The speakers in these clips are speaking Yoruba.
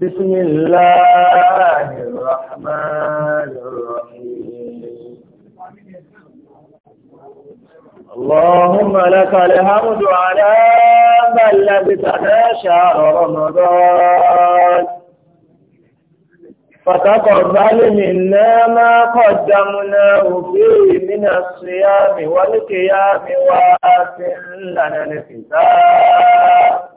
بسم الله الرحمن الرحيم اللهم لك الحمد على من لبثنا شهر رمضان فتقبل منا ما قدمناه فيه من الصيام والقيام واسع لنا الكتاب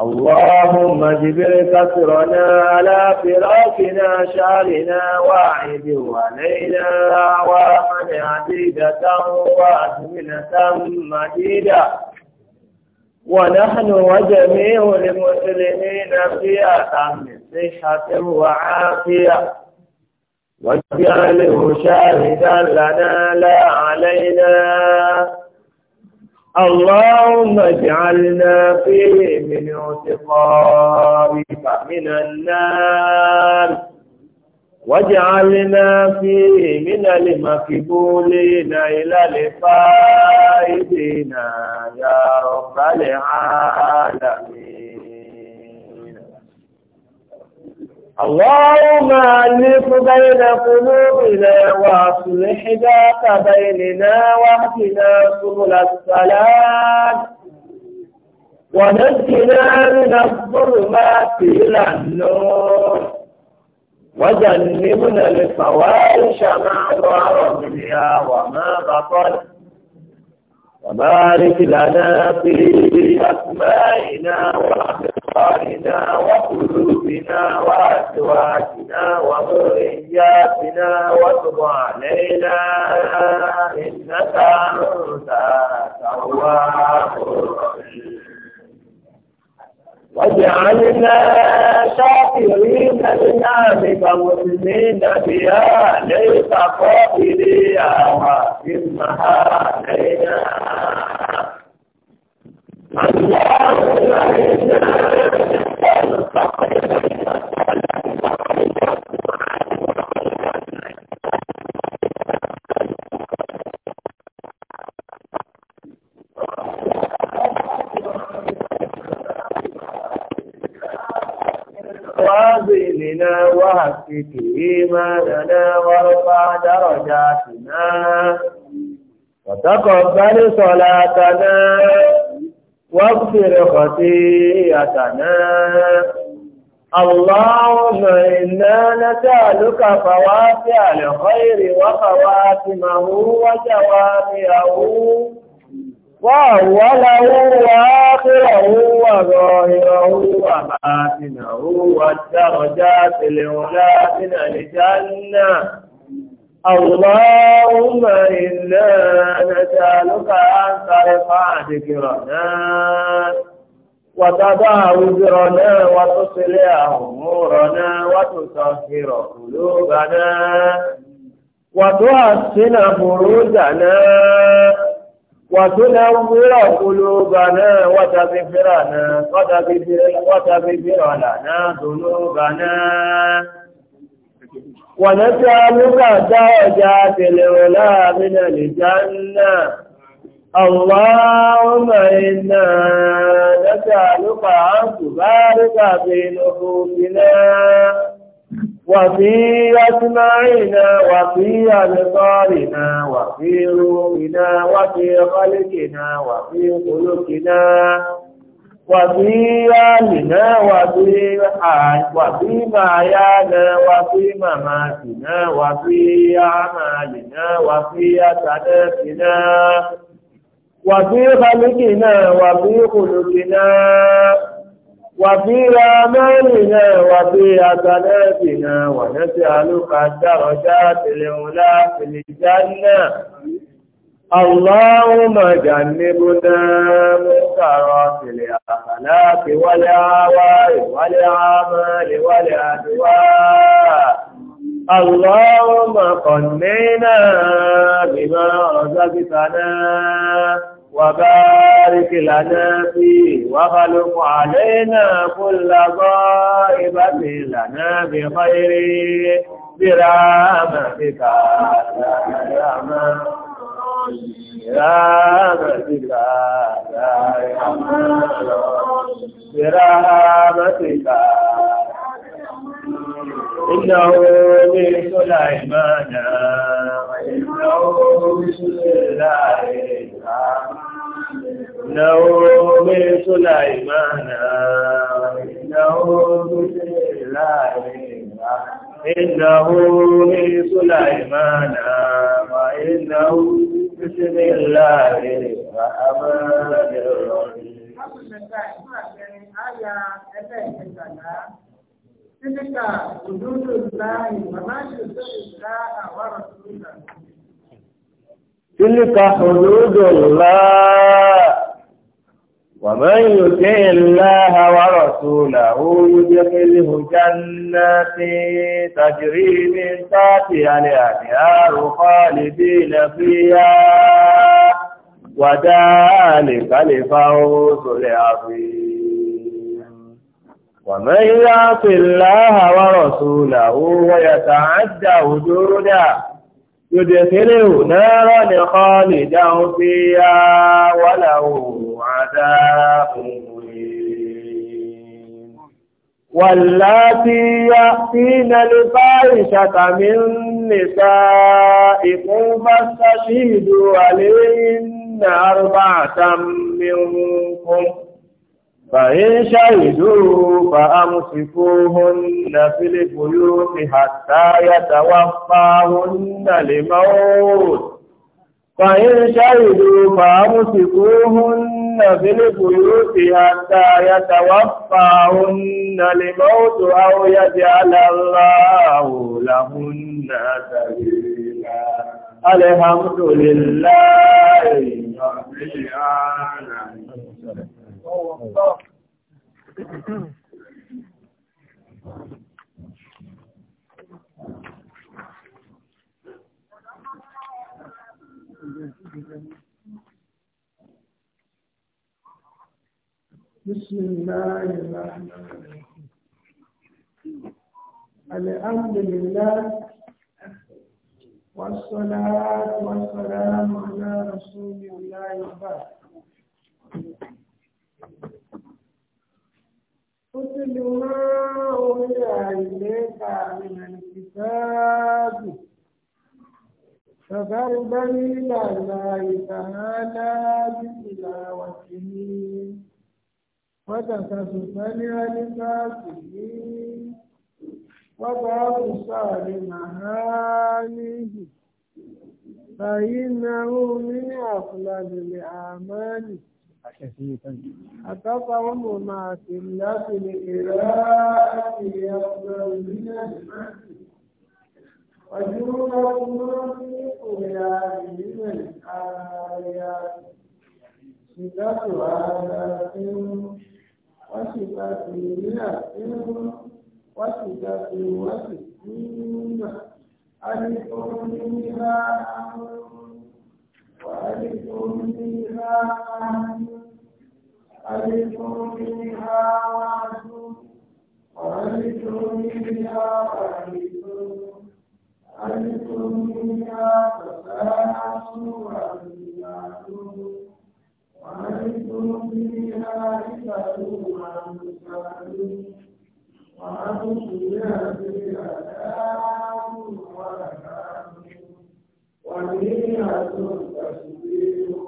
اللهم اجبر كسرنا على فراقنا شعرنا واعد ولينا ومن عديدة وأزمنة مديدة ونحن وجميع المسلمين في أمن صحة وعافية واجعله شاهدا لنا لا علينا اللهم اجعلنا فيه من اعتقائك من النار واجعلنا فيه من المكبولين إلى الفائزين يا رب العالمين اللهم ألف بين قلوبنا وأصلح ذات بيننا واهدنا سبل السلام ونجنا من الظلمات إلى النور وجنبنا الفواحش ما ظهر منها وما بطن وبارك لنا في أسمائنا وأخلاقنا أبصارنا وقلوبنا وأزواجنا وذرياتنا وتب علينا إنك أنت التواب واجعلنا شاكرين لنعمك مسلمين بها ليس قابليا وأتمها علينا واغفرنا واهتك إيماننا وارفع درجاتنا وتقبل صلاتنا واغفر خطيئتنا اللهم إنا نسألك فواسع الخير وخواتمه وجوامعه وأوله وآخره وظاهره وباطنه والدرجات العلى من الجنة اللهم إنا نسألك أن ترفع ذكرنا وتضع وزرنا وتصلح أمورنا وتطهر قلوبنا وتحسن فروجنا وتنور قلوبنا وتغفرنا وتغفر لنا ذنوبنا ونسألك درجات العلا من الجنة اللهم إنا نسألك أن تبارك في نفوسنا وفي أسماعنا وفي أبصارنا وفي روحنا وفي خلقنا وفي خلقنا وفي آلنا وفي وفي معيانا وفي مماتنا وفي أعمالنا وفي أسناتنا وفي خلقنا وفي خلقنا وفي آمالنا وفي أسناتنا ونسألك الدرجات الأولى في الجنة اللهم جنبنا منكرات الأخلاق والأعوار والأعمال والأدواء اللهم قنعنا بما رزقتنا وبارك لنا فيه وخلق علينا كل ضائبة لنا بخير برحمتك يا رحمن برحمتك يا أرحم برحمتك إنه من سليمان وإنه بسم الله إنه من سليمان وإنه بسم الله إنه من سليمان وإنه بسم الله الرحمن الرحيم تلك حدود الله وما يطيع الله ورسوله تلك حدود الله ومن يطع الله ورسوله يدخله جنات تجري من تحتها الانهار خالدين فيها وذلك الفوز العظيم ومن يعص الله ورسوله ويتعدى حدوده يدخله نارا خالدا فيها وله عذاب واللاتي يأتين الفاحشة من نسائكم فاستشهدوا عليهن أربعة منكم فإن شهدوا فأمسكوهن في البيوت حتى يتوفاهن لموت فإن شهدوا فأمسكوهن في البيوت حتى يتوفاهن لموت أو يجعل الله لهن سبيلا الحمد لله رب العالمين بسم الله الرحمن الرحيم الحمد لله والصلاة والسلام على رسول الله وبعد كتب ما أوحي إليك من الكتاب فذر بني الله تعالى بتلاوته وتكسفا لكافره وباب صالحانه فإنه من أفضل الأعمال أتطعم مع سلة القراءة يفضل من المعنى وجوده في قيام من الآيات صفة آيات وصفة مئة وصفة وستين ألف منها وألف الجنان عليكم فيها وعدتم وعليكم فيها وعدتم عليكم فيها تساعدوا وعليكم وعليكم فيها إسألوا عن تسألوا وعنكم فيها أداء ولكم وفيها تسبيح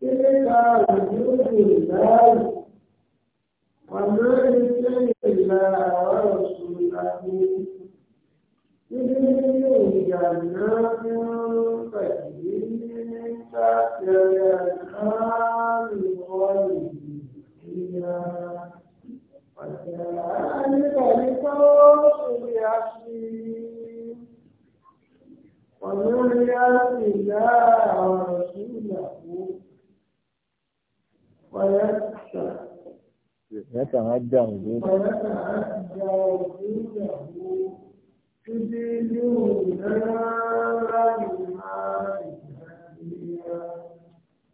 تلك وجوه الله وما يطع الله ورسوله يدخل جنات تجري من تحتها الانهار خالدين فيها وذلك لفوز العظيم ومن يطع الله ورسوله يتعدى وجوده ويتعدى وجوده تدلون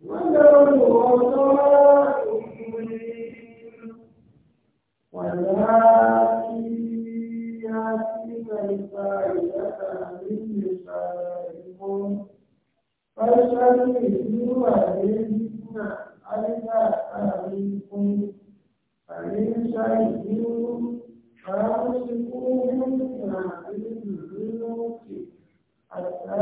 ولو ولكن يأتي الفائدة من نسائكم فشركوا عليهن فليس يدينهم فامسكوهم في الموت حتى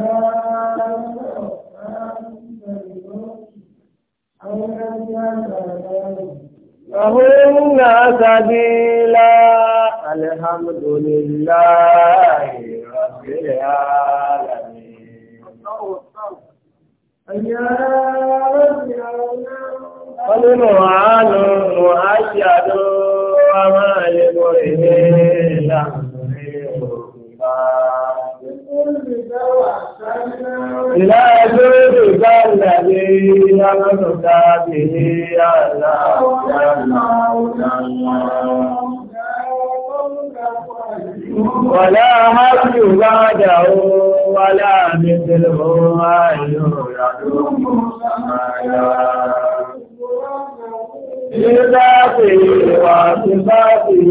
فهن سبيلا الحمد لله رب العالمين wọ́n ní mọ̀hánù mọ̀háṣíàdó wá máa lè mọ̀ èdè ìlà ẹgbẹ́ òde bá ìlàlé lánàá tàbí ní àlà Wàlá hajjú bá dáwó wàlá mi tẹ́lẹ̀ mọ́ àìyọ̀ ìrànlọ́wọ́ لذاته وصفاته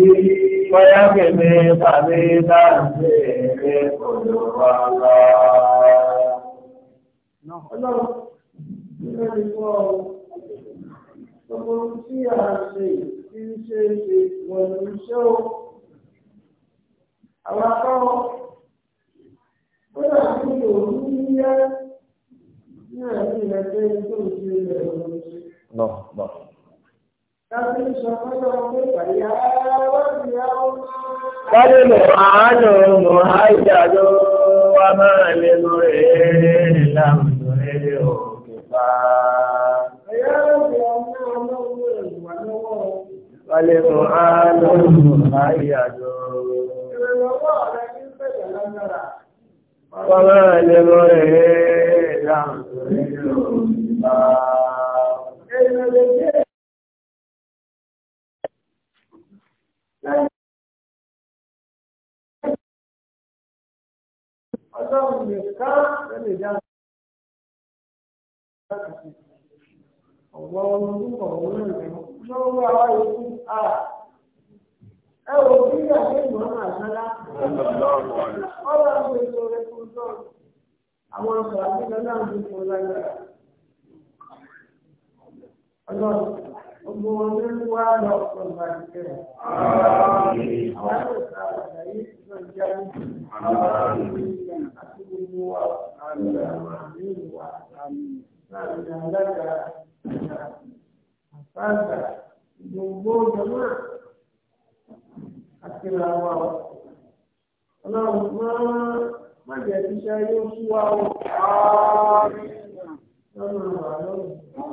ويقضي قبيلا به قدوة Gbogbo tí a ṣe kí ń ṣe ṣe wọ̀nà iṣẹ́ o. Àwọn akọ́wọ́, ó yà kí òun ní yẹ́ ní ẹ̀rí ẹgbẹ́ tó ń ṣe Kọ́lé àánú Mùhájàdó wá máa lè mú èrè láàmù èrè òkè pa. Kọ́lé àánú Mùhájàdó wá máa lè mú èrè láàmù èrè òkè pa. ọlọ́run nìkan ló lè dá ọ̀gbọ́n orúkọ òun lọ́wọ́ àwa ikú a ẹ wò bí ìyàwó ìmọ̀ náà sára ọ̀rọ̀ àwọn èso rẹ̀ kò tọ̀ àwọn ọkọ̀ àbílẹ̀ náà ń dúró láyé ọlọ́run gbogbo wọn ló ń wá lọ fún ìgbà ìfẹ́ rẹ̀. Àwọn ọ̀gá ọ̀gá yìí ti sọ jáde. Àwọn ìyá àti gbogbo wa àmì ìwà láàrin alága àfáàgbà Ọlọ́run máa má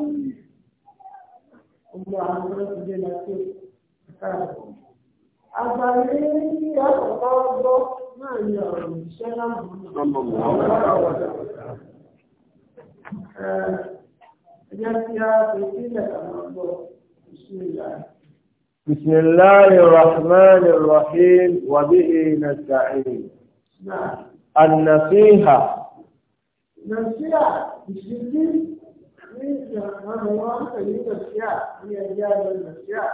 gbogbo àwọn tó ti dé Àgbàlẹ́ ní àkọ́kọ́ gbọ́ náà ni ọ̀rọ̀ ìṣẹ́ بسم الله الرحمن الرحيم وبه نستعين النصيحة نصيحة بسم الله cikin hannuwan yi gaskiya ni ya biya da gaskiya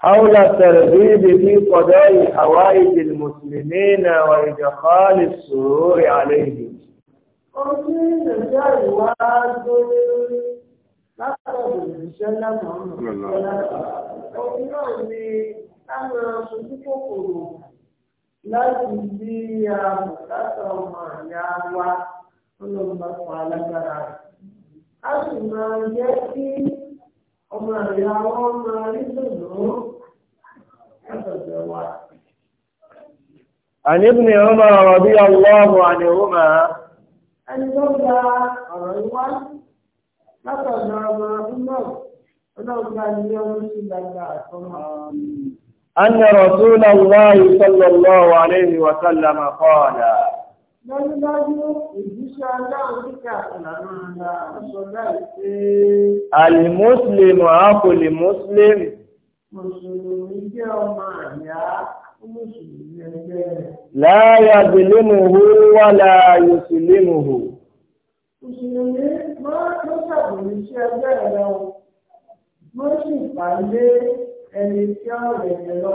حول ترغيب في قضاء حوائج المسلمين وإدخال السرور عليهم. láti bí i àbùkátà ọmọ ìyá wa ọlọ́mọ alágbára rẹ̀ á sì máa jẹ́ kí ọmọ ìyá wọn máa rí dùnú látọ̀dọ̀ wa. عن ابن عمر رضي الله عنهما أن تولى الرضوان لقد عمر أن رسول الله صلى الله عليه وسلم قال Dájúdájú ìjíṣẹ́ aláwòríkà ìlànà ńlá aṣọ báyìí pé. Àlìmúsùlùmù àkòlì Mùsùlùmù. Mùsùlùmí jẹ́ ọmọ àyà máa ló ṣàbùrù iṣẹ́ ẹgbẹ́ rẹ̀ lọ. sì pàdé ẹni tí ó rẹ̀ lọ.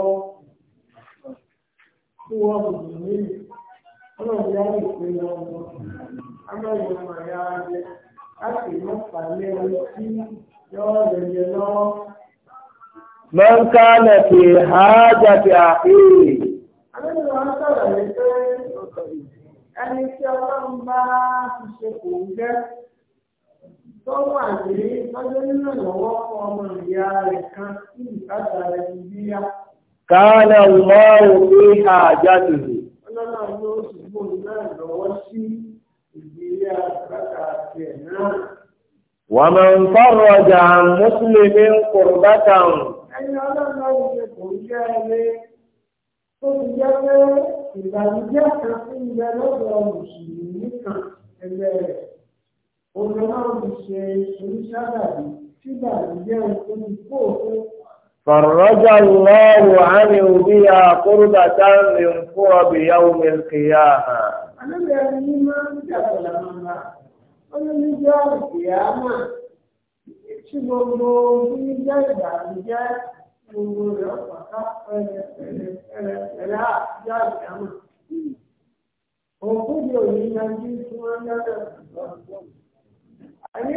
Kí wọ́n Mùsùlùmí. ọlọ́run yá lè pé ọmọ amẹ́rin ọmọ من كان في حاجة أخيه. كان الله في حاجته. lọ́nà ni ó sì mú mi náà lọ́wọ́ sí ìdílé àgbàkà àtiẹ̀ náà. wà á máa ń fọ́rọ̀ ọjà mùsùlùmí kùrùbátà. ẹni ọlọ́run ọ̀hún kò ń jẹ́ ẹni tó ti jẹ́ pé ìbànújẹ́ kan sí ilẹ̀ lọ́dọ̀ mùsùlùmí kan ẹgbẹ́ rẹ̀ òun náà ń ṣe oníṣàgàdì tí ìbànújẹ́ òun kò ní kó òun. فرج الله عنه بها قربة من قرب يوم القيامة Tí gbogbo ní jẹ́ ìdàmújẹ́ gbogbo rẹ̀ pàtà pẹ̀lẹ́pẹ̀lẹ́ àjá ìdámà. Òkú di òní yanjú tí wọ́n lọ́dọ̀ ìgbàgbọ́. Ẹ̀yí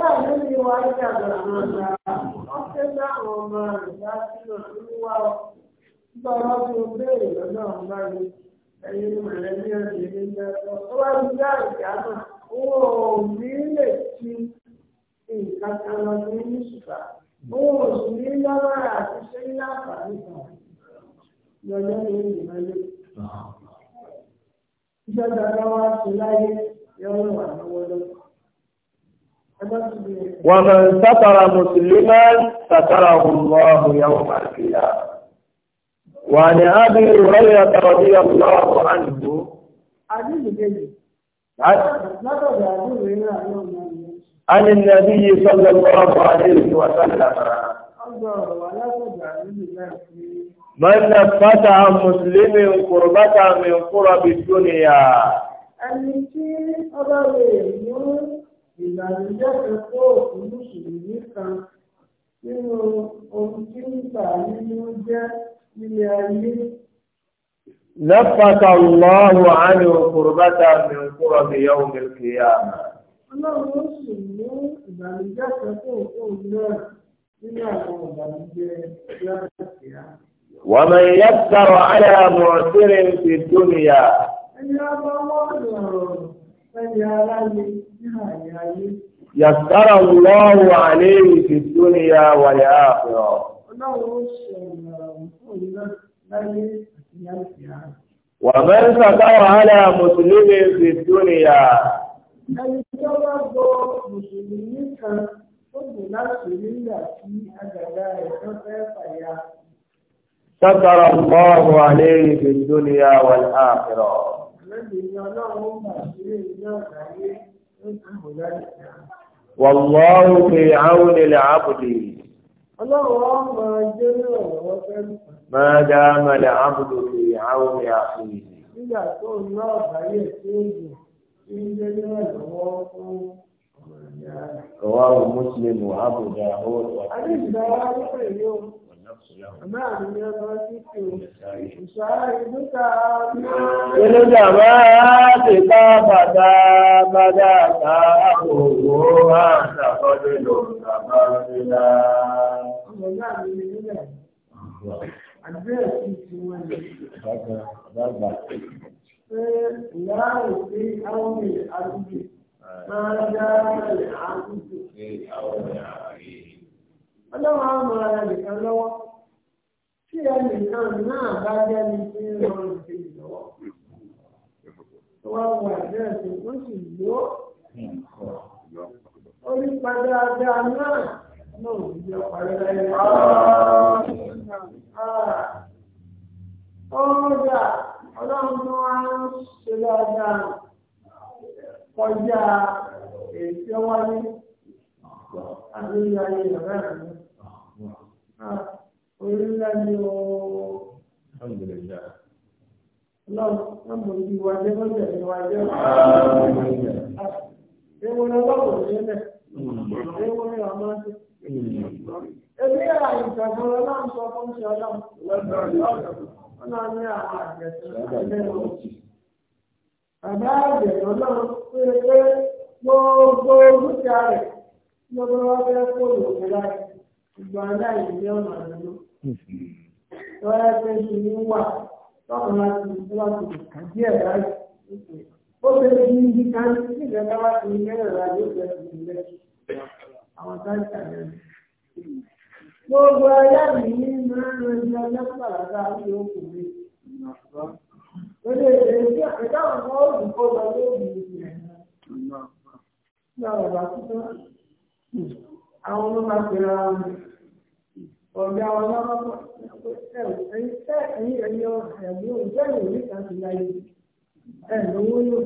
àdúgbò ti láyé yọ̀ọ́ wà lọ́wọ́lọ́wọ́. ومن ستر مسلما ستره الله يوم القيامة وعن أبي هريرة رضي الله عنه عن النبي صلى الله عليه وسلم من نفت عن مسلم قربة من قرب الدنيا ìlànà ìjẹ́sẹ̀ kó òkú mùsùlùmí kan nínú ohun tí ń gbà nínú jẹ́ nílé ayé. Lẹ́pàtà lọ́rùn àánú kùrùbátà mi ń kúrọ̀ mi yọ̀ mí kìíyà. Ọlọ́run ó sì mú ìbànújẹ́ kan fún náà nínú àwọn ìbànújẹ́ ìyá kìíyà. ومن يسر على معسر في الدنيا. Yàtàrà lọ́wọ́ àléèrè fi dúnìyà wà ní àpẹọ. Wà mẹ́rin sàtàwà hálà Mùsùlùmí fi dúnìyà. Ẹni tó bá gbọ́ Mùsùlùmí kan tó bù láti nígbà tí àgàdá rẹ̀ tó fẹ́ fàyà. Sàtàrà lọ́wọ́ àléèrè fi dúnìyà wà ní àpẹọ. Wàlọ́wọ́ pé àwọn ilẹ̀ àbùdè. Ọlọ́run ọmọ ẹjẹ́ náà wọ́n fẹ́ lù. Máa dá mẹ́lẹ̀ àbùdè pé àwọn ilẹ̀ àfihì. Nígbà tó ń lọ àbáyé tí ó jù, ilé náà lọ́wọ́ fún ọmọ ìyá rẹ̀. Kọ̀wá Inú jàmá ti ká bàtà bàtà ká àkókò àtàkọ́dé lò bàbá nílá. Ọmọ náà mi ní sí àwọn ènìyàn àdúgbò máa ń dá àdúgbò? Ṣé àwọn ènìyàn àdúgbò? ọlọ́run á mọ ara nìkan lọ́wọ́ tí ẹnìkan náà bá dẹ́ni tí ń rọ ìbéèrè lọ́wọ́ tó wá wọ àdírẹ́sì wọ́n sì yó orí padà dáa náà náà ò ní parí láyé. ọ̀dà ọlọ́run tó wá ń ṣe dáadáa kọjá èyí tí ó wáyé ayé rẹ̀ rẹ̀ orí ńlá ni ó lọ́wọ́ mọ̀ ní wa jẹ́ lọ́jọ́ ní wa jẹ́ ewu ni ọlọ́pọ̀ sílẹ̀ ewu ni ọmọ sí. Èmi yà ìjọ̀gbọ́n ọlọ́run sọ fún ṣe ọlọ́run. Ọ̀nà ní àwọn àgbẹ̀sẹ̀ lẹ́nu. Bàbá àgbẹ̀sẹ̀ ọlọ́run pé pé gbogbo dúkìá rẹ̀ lọ́dọ́ wá fẹ́ kó lòkè láti ṣùgbọ́n aláìní ní ọ̀nà àdúgbò. Hmm. Lọ́wọ́ ẹgbẹ́ yìí ní wà lọ́kàn láti wá sí ìkàdí ẹ̀ láì. Ó ṣe lè ní ibi kan nígbà tá wá sí ilé ẹ̀rọ ayé ìfẹ́ ìpínlẹ̀. Àwọn táǹkà náà. Gbogbo aláìní ní máa ń ran ẹgbẹ́ lọ́pàá láti ọkùnrin. Olè èdè ẹ̀dá àwọn ọ̀rùn lọ lóògùn ìgbìyànjú. Ní ọ̀rọ̀ bá àwọn ọlọ́pàá pèrè ara wọn ọ̀gá ọlọ́pàá ẹ̀yìn ẹ̀yìn ẹ̀yìn ẹ̀yìn òjẹ́ ìwé níta ti láyé ẹ̀ lówó lò.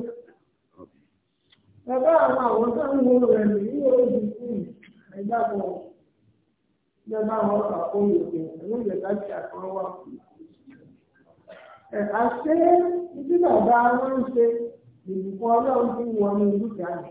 bàbá àwọn àwọn tó ń wo rẹ̀ nìyí ojú sí ẹ̀dàpọ̀ ìjọba àwọn ọkọ̀ òyìnbó ẹ̀rọ ìjọba ti àkọ́wọ́ wà. ẹ̀ àṣé ibi bàbá wọn ń ṣe ìbùkún ọlọ́run tí wọ́n ní ìlú jáde.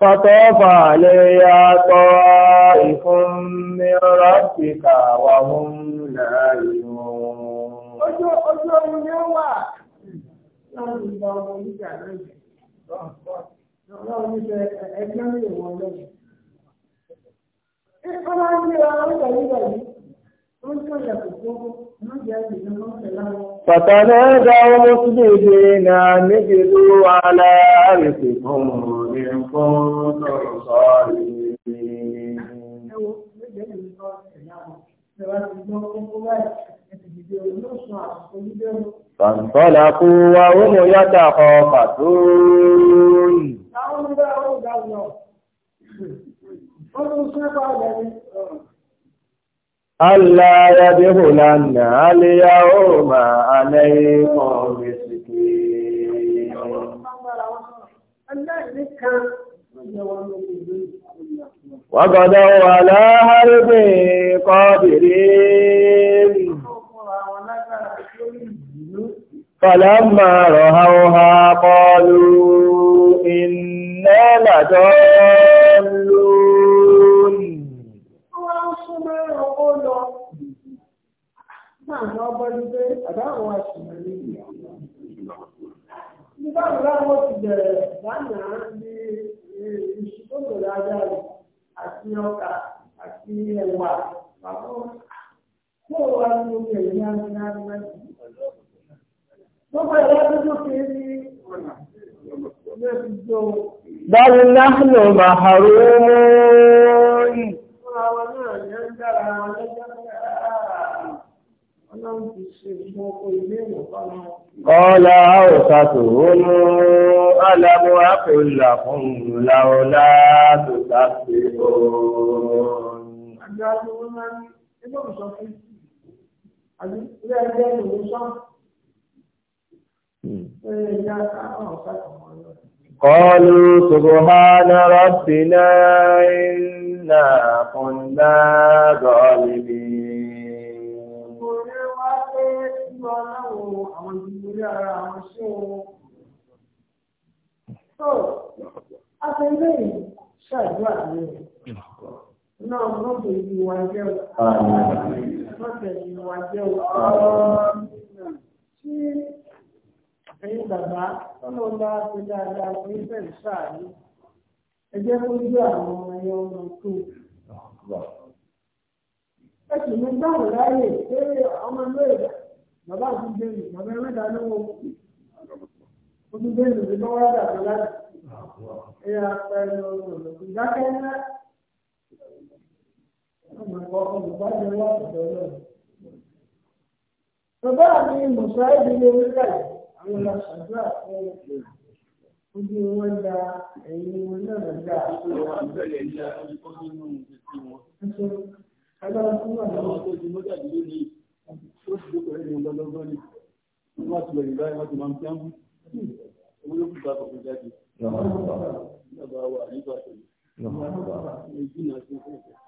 فطاف عليها طائف من ربك وهم لا ينون Ọlọ́run ní ṣe ẹgbẹ́ ìwọ̀n lọ́wọ́. Ìfọ́nà ń gbé ọlọ́run ìgbàlú ìgbàlú. فتنادوا مصبحين أن اجدوا على أرثكم إن كنتم صالحين. فانطلقوا وهم يتخافتون. ألا يدخلن اليوم عليكم مسكين وغدوا على حرب قادرين فلما رأوها قالوا إنا لضالون máa ná ọgbọ́n ní pé àdáwọ̀ wa sì máa ní ìyá. nígbà wo láwọn ti bẹ̀rẹ̀ lánàá ní ìṣúgbọ́n dáadáa rẹ̀ àti ọkà àti ẹ̀wà bàbá kó o wá ní omi ẹ̀yìn ánìyànjú. gbogbo ẹ̀rọ tó tó kéré ní ọ̀nà. بل نحن محرومون Kọ́lá òsàtò olú alábọ̀ àpèlà fún láọlá tó sáfẹ́ oòrùn. Àjọ́ àti wọ́n máa ní ẹgbẹ́ òṣọ́fẹ́ àti ilé ẹgbẹ́ ìwòsàn. Hmm. Ẹ̀yà àwọn òsàtò wọn lọ. قالوا lọ láwọn àwọn ìdílé ara àwọn ṣé wọn. tó afẹ́lẹ́ yìí ṣàdúrà rẹ̀ náà mọ́tò ìlú wa jẹ́ o mọ́tò ìlú wa jẹ́ o tí ẹ̀yin bàbá tọ́lọ́ bá ti dáadáa fún ìfẹ́ ìṣáàlú ẹ jẹ́ kó gbé àwọn ọmọ ẹyọ ọmọ tó ẹ sì ní báwo láyè pé ọmọ lóye bàbá àti bẹ́ẹ̀rù bàbá ẹlẹ́dàá lọ́wọ́ bàbá mi mùsà ìdílé nígbà yìí àwọn ìlàṣàdúrà fún ojú wọn da ẹ̀yìn wọn náà dá. ẹ̀sùn agbára fún wà lọ́wọ́ ó sì jókòó lẹ́yìn ìgbà lọ́gbọ́n ni wọ́n ti lọ ìgbà wọn ti máa ń pẹ́ńbù owó ló kù ká kọ̀ọ̀kan jáde nígbà wà nígbà tó ní ìjìnà sí fún ìfẹ́.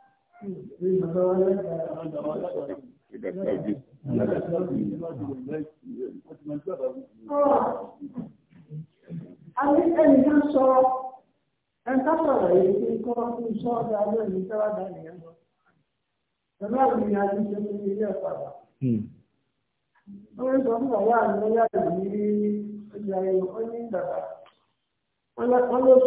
Àwọn ẹnìkan sọ ẹ̀ka sọ̀rọ̀ èyí tí kọ́ fún sọ́ọ̀dà lónìí tẹ́wàá dá nìyẹn lọ. Pẹ̀lú àwọn ènìyàn ti ṣe ní ilé ẹ̀kọ́ àgbà. Hmm. wọ́n sọ fún bàbá mi wọ́n yàtọ̀ ní onye ẹ̀yọ̀ wọ́n ní bàbá wọ́n lọ wọ́n lọ sọ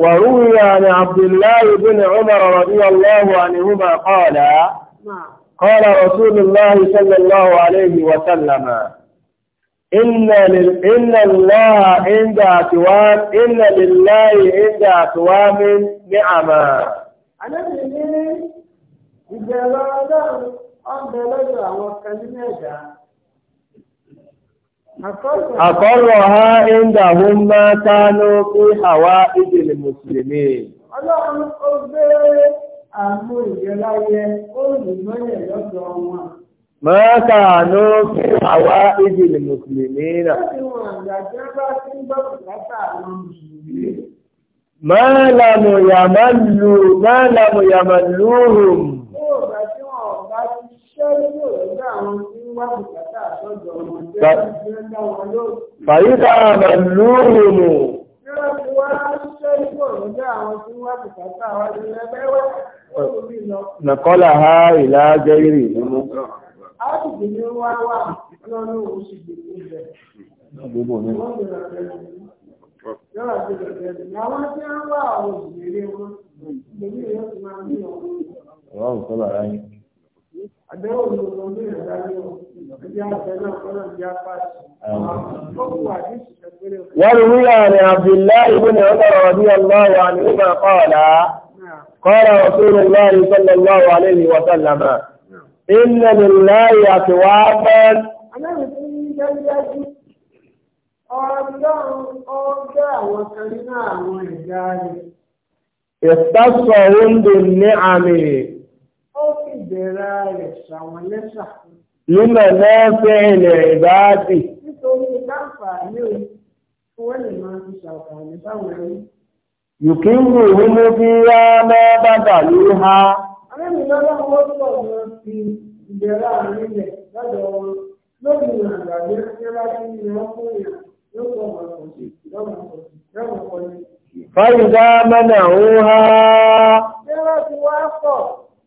وروي عن عبد الله بن عمر رضي الله عنهما قال قال رسول الله صلى الله عليه وسلم إن, لل... إن الله عند أكوام إن لله عند أكوام نعما أنا من إجابة أبدا لك وكلمة àkọ́rọ̀ ha ìndà hún máa tánú kí àwa ìdìlì mùsùlùmí. ọlọ́run ó gbé àmú ìgbéláyé ó rì mọ́lẹ̀ lọ́dọ̀ wọn. máa tánú kí àwa ìdìlì mùsùlùmí náà. ó ti wọn àgbàjẹ́ bá ti ń gbọ́ Fàyíká àmàlúrù mù. Nàkọ́là ha ìlà jẹ́rì nínú. Áàtùkì ni wá wà lọ́nà oṣù gbogbo rẹ̀. Gbogbo mi. Àwọn tí ń wá àwọn òṣèré wọn, ìgbèmí yóò ti máa ń bí ọkùnrin. Ọ̀rọ̀ òṣèlú àráyìn àdéhùn lòlò ní ìdájọ́ ẹgbẹ́ àfẹ́ náà kọ́nà bí a pàṣẹ. وروي عن عبد الله بن عمر رضي الله عنهما قال قال رسول الله صلى الله عليه وسلم إن لله أكوابا اختصهم بالنعم ìdẹ̀ra rẹ̀ ṣàwọn lẹ́sà. Lílọ náà fẹ́ ilẹ̀ ìbáàdì. Nítorí láǹfààní òun, wọ́n lè máa fi ṣàǹfààní báwọn ẹni. Yùkíńgù nínú bí wá máa bá bàlú ha. Àrẹ́mi lọ́wọ́ wọ́n pọ̀ lọ sí ìdẹ̀ra nílẹ̀ lọ́dọ̀ wọn. Lórí ìrìnàgbàgbé tí wọ́n ti ń yan fún ìyà yóò pọ̀ mọ̀ ọ̀sẹ̀ mẹ́nà ń ha. Bí wọ́n ti wá pọ̀.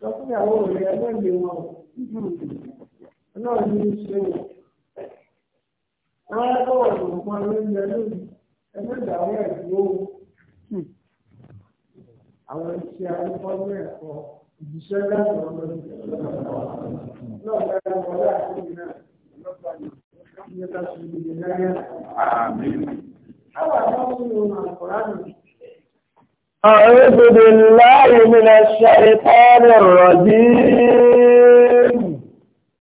sọ fún ìyàwó rẹ̀ ẹlẹ́gbẹ̀ẹ́ wọn náà ní í ṣe wọ̀. Àwọn ẹgbẹ́ wọ̀ ló fún ẹlẹ́gbẹ̀ẹ́ lónìí ẹlẹ́gbẹ̀ẹ́ àwọn ẹ̀dúró. Àwọn iṣẹ́ arúgbó ẹ̀kọ́ ìjíṣẹ́ láti ọ̀dọ́ náà bẹ́ẹ̀ wọlé àti ìrìnà lọ́pàá ní ẹ̀ka ṣùgbọ́n ìdílé náírà. Àwọn àbáwọ̀ ni wọn àkọ́rá nìyí. أعوذ بالله من الشيطان الرجيم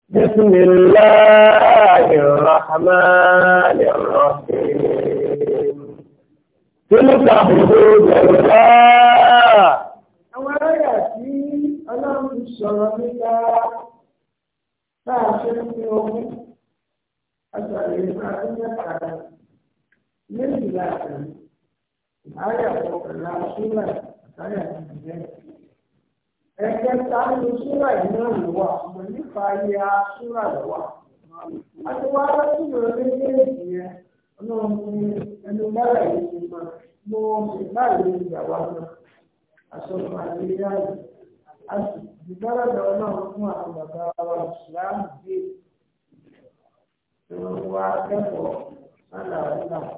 بسم الله الرحمن الرحيم تلك حدود الله àwọn ẹ̀yà tí ọlọ́run sọ̀rọ̀ nípa bá a ṣe ń fi Àyà ọ̀la súnà Ẹgbẹ́ ta ni nípa ayé a súnà ló wà. A ti wá láti ìrọ̀ méjèèjì yẹn, ọlọ́run ní ẹnu bára yìí ti mọ, mo sì báyìí ìyàwó àná. Àsọ̀rọ̀ àti ìyáàlú. A sì fún àwọn bàbá wa sálà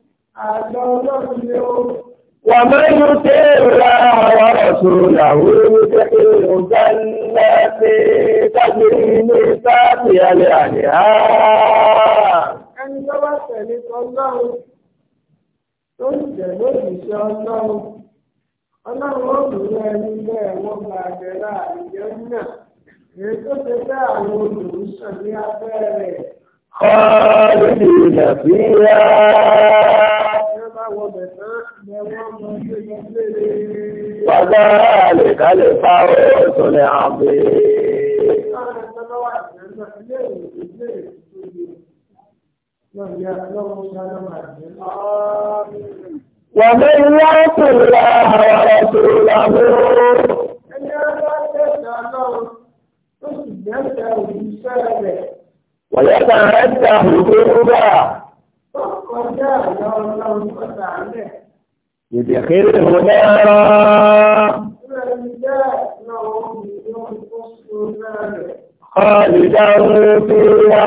ومن يطع الله ورسوله يدخله جنات تجري من تحتها الانهار. ẹni tó bá tẹ̀lé tọ́lọ́run tó ń tẹ̀lé òṣìṣẹ́ ọlọ́run ọlọ́run ó mú ẹni bẹ́ẹ̀ wọ́n bá àjẹrà àjẹ náà èyí tó ti bẹ́ àwọn olùsàn ní abẹ́rẹ́. kọ́ ọ́ lóde ìdàbí yá. Bàbá lè kálẹ̀ fáwọ́ ọ̀sán ní àbẹ̀. Wọ́n mẹ́ ìwá tó rà àwọn ọ̀sán ìlànà. Ẹni ọjọ́ tẹ́ta lọ́wọ́ tó sì jẹ́ kọjá àlọ́ ọlọ́run kọjá àlẹ́. Ìdèkèrè mo lẹ́rọ. Kọ́lìdá orin fi wá.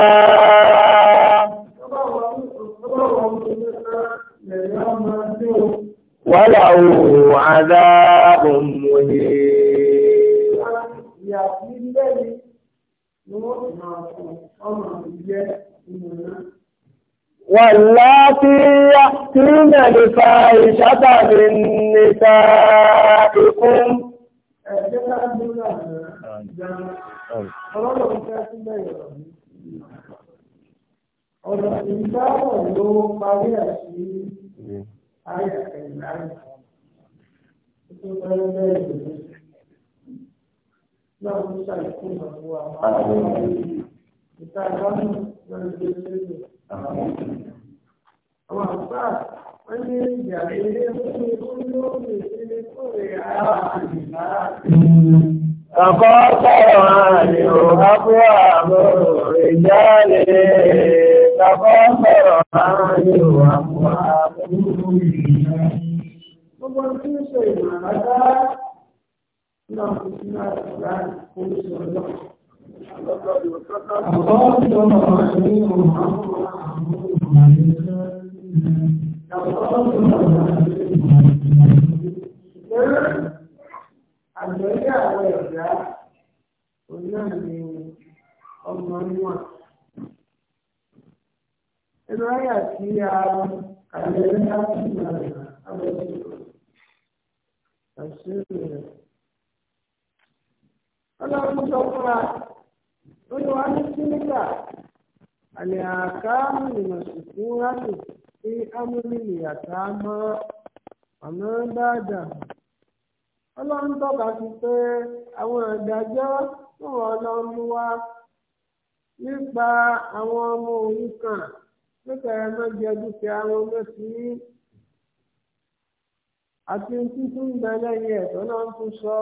Wọ́lá òun àdá. اللاتي يأتين الفاحشة من نسائكم Ọ̀rọ̀ ìdáwọ̀ ló parí àṣírí ayẹ̀kẹ̀ ìlànà tó bẹ́rẹ̀ bẹ́rẹ̀ ìlú. Náà àwọn àwọn تقاطعوا عنهم أقوام الرجال تقاطعوا عنهم أقوام الرجال Gbogbo tí ń ṣe ìrànlọ́dá náà ti fi náà láti kó ìṣòro náà. Àwọn ọ̀dọ́ ọmọ ní ọmọ àwọn ọmọ ọmọ ìṣẹ́ ìrìn. Àwọn ọ̀dọ́ ọmọ ní ọmọ ìṣẹ́ ìrìn. àgbẹ̀yẹ àwọn ẹ̀dá òun náà ni ọmọ níwà. Inú ayé àti àgbẹ̀yẹ láti ìgbà àbẹ̀sọ̀rọ̀ àṣírí rẹ̀. Ọlọ́run sọ fúnra olùwà ní síníkà àlè àkáàmù ìmọ̀sùnkú ráàlù sí ámúlì mọ́ àmọ́ bá ọlọ́run tọ́ka sí pé àwọn ìdájọ́ tó wọ́n lọ mú wá nípa àwọn ọmọ òun kan nípa ẹ̀rọ jẹ dúkìá wọn lọ́sí àti títún bẹ lẹ́yìn ẹ̀tọ́ náà ń tún sọ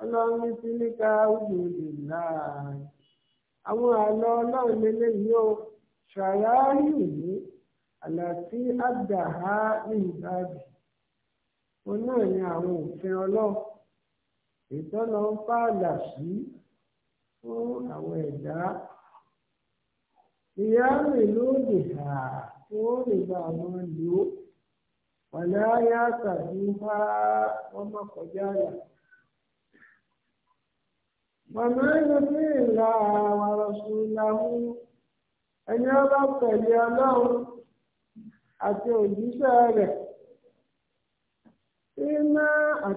ọlọ́run ní ti níka òdòdó náà àwọn àlọ́ ọlọ́run lélẹ́yìí ó ṣàráyù ní àlàtí àgbà ha ní ìbàdàn òun náà ni àwọn òfin ọlọ́run ìtọ́nà ń pààlà sí fún àwọn ẹ̀dá ìyá rìn lóde hà tí wọ́n lè gba àwọn lò ó wàlá yá tàbí wá wọ́n má kọjá àlà. Màmá ẹni tí ìlà àwọn ọ̀sùn làwọn ẹni ọba ọlọ́run àti òjíṣẹ́ rẹ̀. iná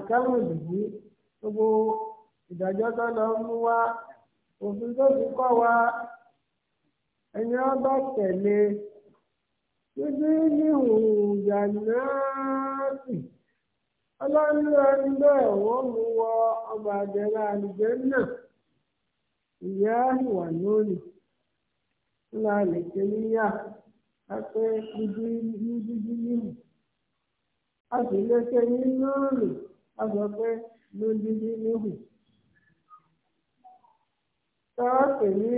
na òdìbò gbogbo ìdájọ́ tó lọ mú wá òfin tó fi kọ́ wa ẹni ọba tẹ̀lé títí ní ìhùjà náà sì ọlọ́run ẹni bẹ́ẹ̀ wọ́n ọba àjẹrà àlùjẹ́ náà ìyá ìwà lónìí ńlá lè ṣe níyà a sì lè ṣe ní lóòrè a sọ pé lódìdí níhù. táwa pè ní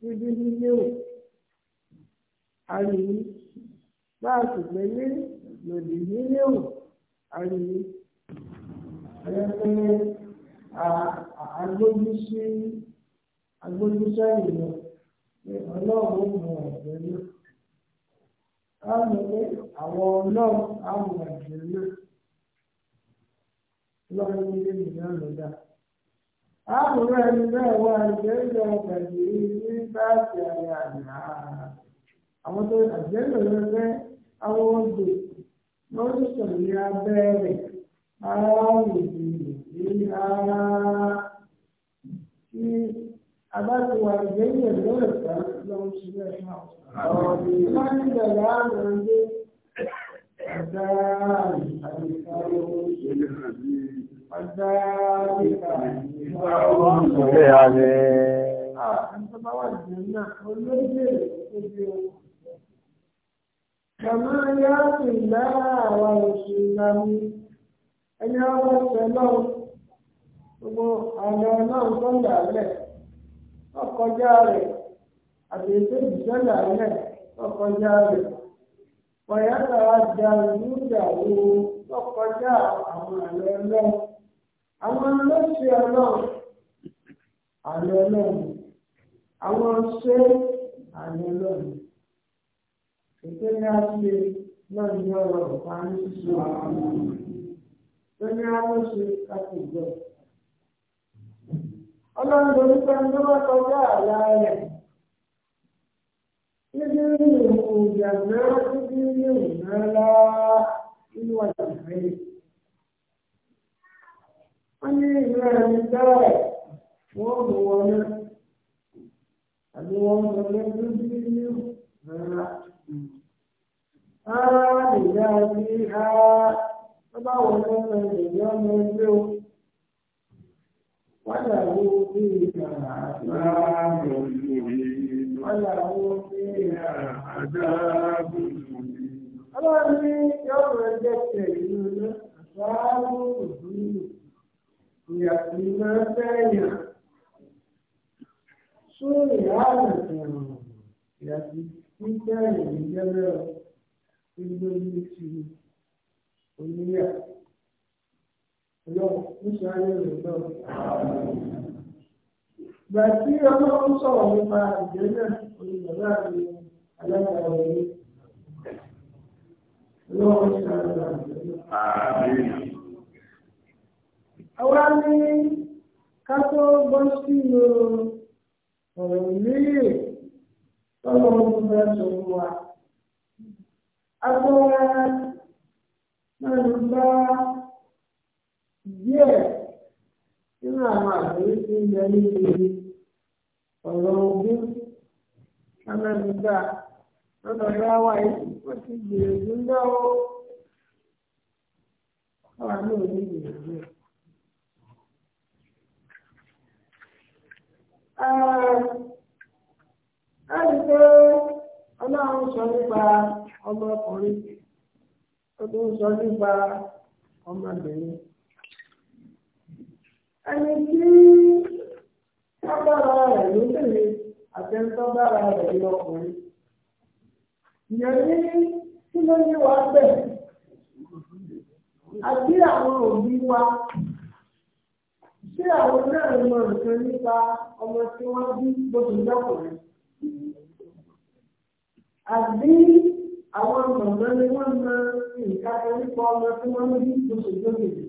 lódìdí níhù àrùn bá a sì pè ní lódìdí níhù àrùn ẹgbẹ́ agbójúsí agbójúsẹ́yìn lọ ọlọ́run mọ̀ ọ́ pẹ̀lú. á lọ pé àwọn ọlọ́run á mọ ìdílé náà lọ́wọ́ nílé mi náà ló ẹni bẹ́ẹ̀ wá ìgbẹ́jọ́ ọ̀gbẹ̀dì ní báàsì àyà àná. Àwọn tó àjẹ́lò ló fẹ́ àwọn odò wọ́n ti sọ ní abẹ́rẹ́ ara ní ara àbáṣe wà ìgbẹ́yìn ẹ̀dọ́ ẹ̀fà lọ́wọ́ sílẹ̀ náà. wọ́n ń bẹ̀rẹ̀ àmọ́ ilé ọ̀dáàrí àbíkáyọ̀ ọ̀dáàrí àbíkáyọ̀ Kàmá yá sì lára àwọn òṣèlú ẹni àwọn ọ̀sẹ̀ náà gbogbo àwọn náà tó ń dà lẹ̀. ọkọjá rẹ̀ àtẹ̀tẹ̀ ìṣẹ̀lẹ̀ alẹ́ ọkọjá rẹ̀ pọ̀yàtà dàrú dàrú ọkọjá àwọn àlọ́ ọlọ́run àwọn ọlọ́sẹ̀ ọlọ́run àlọ́ ọlọ́run àwọn ọṣẹ́ àlọ́ ọlọ́run ètò a ṣe náà ní ọ̀rọ̀ àwọn ọmọ ní a ló ṣe ọlọ́run ní pé ń àlá rẹ̀ níbi ìrìn òjà náà níbi ìrìn náà lá nínú ọjà rẹ̀. wọ́n ní ìlú ẹni dáẹ̀ wọ́n mú wọn náà àbí wọ́n mú wọn lẹ́nu bí ìrìn náà. Ara ìyá mi ha, ọ bá wọlé ọmọ ìyá ọmọ ẹgbẹ́ o. وله Ọlọ́run ń ṣe ayé rẹ̀ náà. Ìgbà tí ọlọ́run sọ̀rọ̀ nípa ìjẹ́ náà, olùgbàlá mi alágbàá wọlé. Ọlọ́run ṣe alágbàá Àwa ní ká tó bọ́ sínú ọ̀rọ̀ ìlérí tọ́lọ́ ọdún bá sọ fún wa. Agbọ́ra máa ń bá díẹ̀ nínú àwọn àgbèrè tí ń bẹ nínú ibi ọ̀rọ̀ ogún alágbègbà lọ́dọ̀ yáwá yìí wọ́n ti gbìyànjú náwó káwa náà ní gbìyànjú. Láti pé ọlọ́run sọ nípa ọmọkùnrin, ó sọ nípa ọmọbìnrin. ẹni tí lágbára rẹ̀ ló tẹ̀lé àtẹnudọ́ dára rẹ̀ lọkùnrin ìyẹn ní kí ló ní wàá bẹ̀ àti àwọn òbí wa ṣé àwọn náà mọ nǹkan nípa ọmọ tí wọ́n bí gbogbo lọ́kùnrin àbí àwọn mọ̀mọ́ ni wọ́n mọ nǹkan nípa ọmọ tí wọ́n bí gbogbo lọ́kùnrin.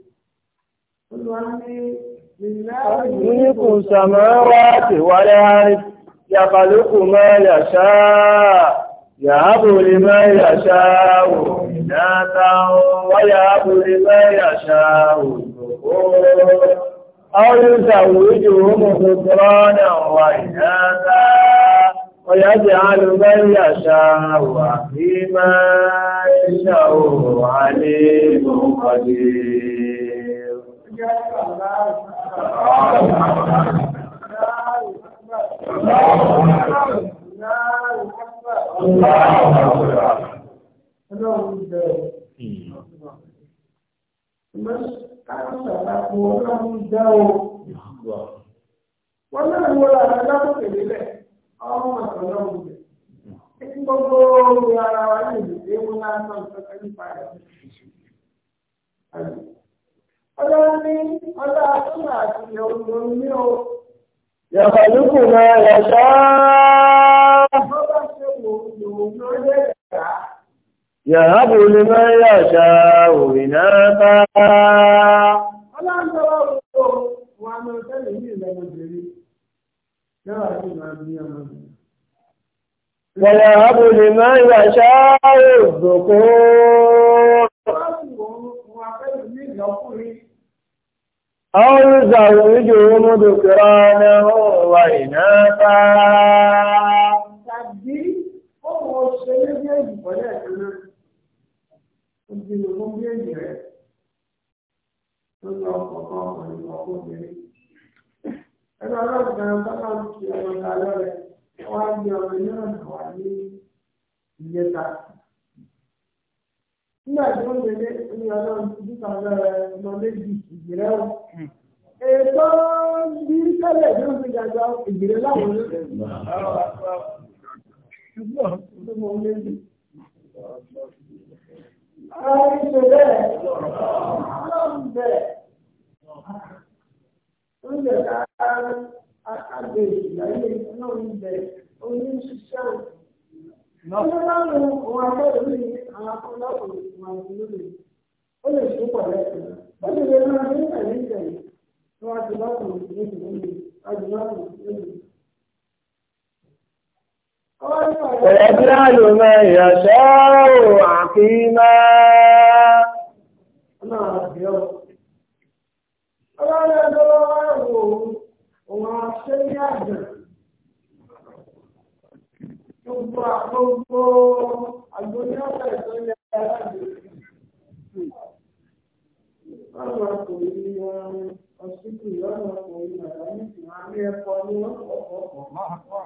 Mílíkù sàmọ́rọ́ ti wọlé àrí, yàkàlùkù máa yàṣá, yàábò lè máa yàṣá wò, ìdáta wáyà ábò lè máa yàṣá wò. Àwọn ìṣàwòjò mọ̀ kòkòrò náà wà ìdáta, wáyà jẹ́ àlùmọ́ Wọ́n náà ọlọ́run ní ọlá àtúnṣe àti ìyọ̀gbọ̀n ní o. Yàtọ̀ lókù náà yàtọ̀. Bọ́lá ṣe wò ó lòun ló lè rà. Yàhábù ni máa ń yàṣà òrìnà bá. Ọlọ́run tó wá wò ó wọn máa tẹ́lẹ̀ ní ìlọ́mọdéré. Yàrá sì máa bí ọmọdé. Wọ̀yàhábù ni máa ń yàṣà òdòkó. أو يزوجهم ذكرانا وإناثا tàbí ọ̀rọ̀ ṣe méjèèjì pẹ̀lú ẹ̀kúnná níbi ìlú méjèèjì rẹ̀ tó lọ kọ̀ọ̀kan ọ̀rìn ọ̀kọ́bìnrin. ẹgbẹ́ ọlọ́run kan sábà ń fi ọmọ lọ́rẹ̀ wọ́n á gbé ọmọ náà ní nígbà tí wọ́n gbélé ní ọlọ́run títí kan lọ méjì ìgbèrè ọ̀. ètò bí tẹ́lẹ̀ ló ń fi dàgbà ìgbèrè láwọn olóṣèlú. Àwọn ìṣẹ̀lẹ̀ ọlọ́run bẹ̀rẹ̀. Ó ń bẹ̀rẹ̀ àgbè ìgbàlè ọlọ́run bẹ̀rẹ̀ oníṣiṣẹ́ òkú. Ó ń bẹ̀rẹ̀ àwọn akẹ́kọ̀ọ́ àwọn akọ́lọ́wọ̀ wọn lónìí ó lè ṣe pọ̀ lẹ́sìn ó sì lè máa ní tẹ̀lé tẹ̀lé tí wọ́n ti lọ́kùn lónìí lónìí wọ́n ti lọ́kùn lónìí. ويجعل من يشاء عقيما Ọlọ́run ẹgbẹ́ lọ́wọ́ ẹ̀wò òun àṣẹ ní àjẹ́ gbogbo àgbogbo àgbóyé ọ̀sẹ̀ tó yẹ aláàbò. Báwo la kò rí ọsibítù lọ́nà kò rí màdá ní ìmọ̀ ẹ̀kọ́ ní ọ̀pọ̀lọpọ̀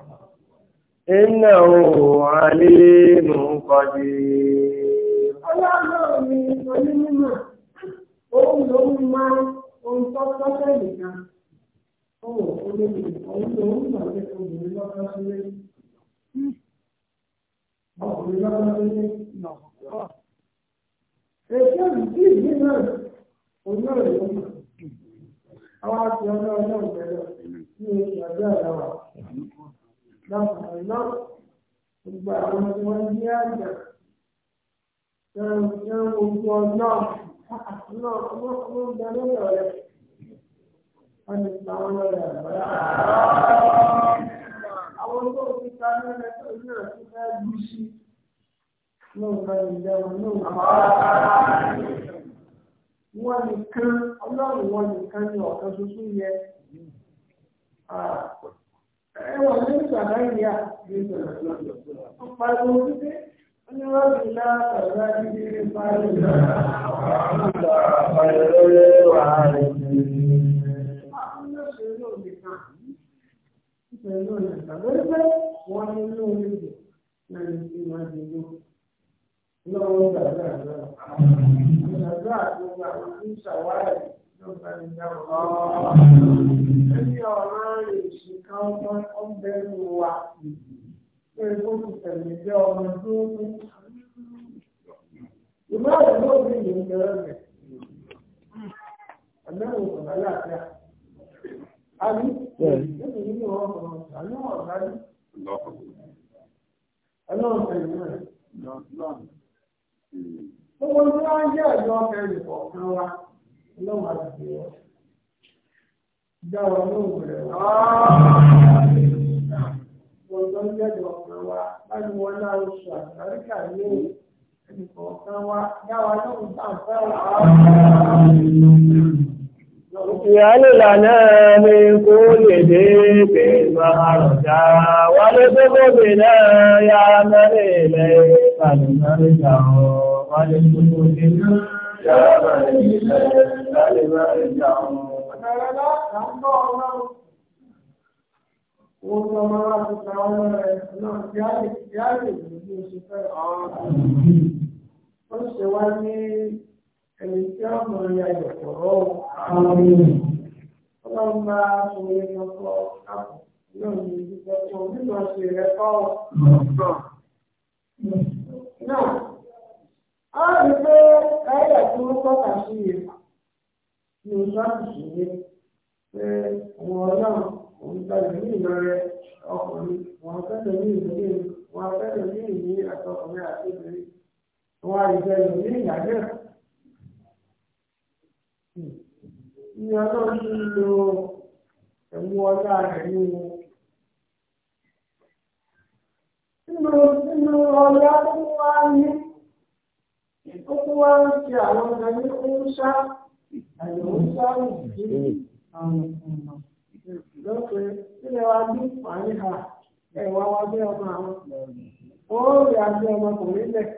Iná òun alílé mú kọjú. Ọlọ́run mi onímọ̀, òun ló ń máa ohun tó tọ́tẹ̀ nìkan. Ó wò ó lórí òun ló ń gbàgbé obìnrin lọ́kọ́ sílé ọkùnrin lọ́wọ́ lórí ìnà ọ̀pọ̀. Èké ìdí ìdí náà oní ọ̀rẹ́ yóò mọ̀. Àwọn àti ọ̀nà ọ̀nà ìbẹ̀rẹ̀ ní ìgbàgbé ọ̀rẹ́ wa. Lọ́kùnrin náà gbogbo àwọn tí wọ́n ní àgbà yẹn gbogbo ọ̀nà ọ̀nà ọmọ ọmọ ìgbà lórí Wọ́n ti pa wọn lọ́rẹ̀ àgbà owó ti ta lẹ́lẹ́ tó ní àti fẹ́ bú sí lóun bá ní ìjẹun lóun bá wọn nìkan ọlọ́run wọn nìkan ní ọ̀kan ṣoṣo yẹ ẹwọ̀n ní ìgbàgbá ìyá ó pariwo títí onírọ́bì látàrá dídí nípa ìlú. pẹ̀lú ọ̀nà àgbàgbọ́ pé wọ́n ní inú oríṣi náà ní kí wọ́n ti lò. lọ́wọ́ gbàgbà náà gbàgbà àti gbogbo àwọn tí ń ṣàwárẹ̀ ló ń bá ẹni ọ̀rọ̀ èsì kan wọ́n ń bẹ́rù wa pé kó ti tẹ̀lé jẹ́ ọmọ tó kú. ìmọ̀ àwọn olóògbé yìí ń bẹ̀rẹ̀ rẹ̀. àbẹ̀wò kọ̀ọ̀lá àti àkókò. Gbogbo tí wọ́n jẹ́ ẹ̀jọ́ kẹrì kọ̀ọ̀kan wa lọ́wọ́ àti ẹ̀. Ìjà wa lóògùn rẹ̀ wá. Gbogbo tí wọ́n jẹ́ ẹ̀jọ́ kan wa láti wọ́n náà ń sọ àtàríkà ní ẹ̀jọ̀ kọ̀ọ̀kan wa. Ìjà Ìyálé lànà mi kó lè dé pé máa rọ̀já. Wà ló tó gómi náà yá mẹ́rin ilẹ̀ ìpàdé mẹ́rin jà Wà ló tó gómi náà yá mẹ́rin ilẹ̀ ìpàdé mẹ́rin jà ẹni tí a mọ̀ ya ìyọ̀pọ̀rọ̀ àwọn ọlọ́run máa mú ẹni ọkọ̀ àpò náà ní ìdíjẹ́ tó nígbà ṣe rẹ̀ kọ́ náà a rí pé tọ́ka sí ní oṣù pé òun gbàgbé ní ọkùnrin wọn fẹ́lẹ̀ ní ìdílé wọn ní ọlọ́run ń lo ẹ̀mú ọlá rẹ̀ ní wọn. nínú nínú ọlá tó wá ní ìkókó wá ń ṣe àwọn ọmọ ní oúnṣá àyẹ̀wòṣá òjì àwọn ọmọ lọ́pẹ́ sílẹ̀ wa ní fàáyà ẹ̀wà wa bí ọmọ àwọn ó rí àti ọmọkùnrin lẹ̀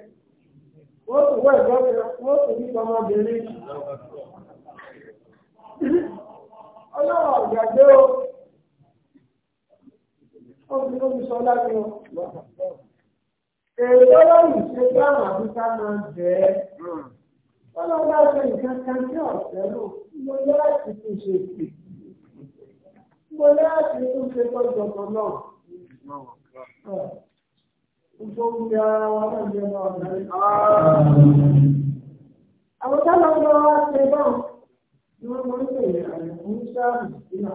ó sì wọ́ ìgbọ́sẹ̀ ó sì ní ọmọbìnrin ọlọ́run ọ̀gbàgbé o obìnrin ló fi sọ láti ọ. Èrè ọlọ́run ṣe dáhùn àbíká máa ń jẹ́ ẹ́. Ọlọ́run bá ṣe nǹkan kan ní ọ̀sẹ̀ náà, mo yẹ láti tún ṣe sí. Mo yẹ láti Àwọn táwọn ọmọ ṣe báwọn tí wọ́n mọ̀ nípa ìlànà fún sáàmù sílà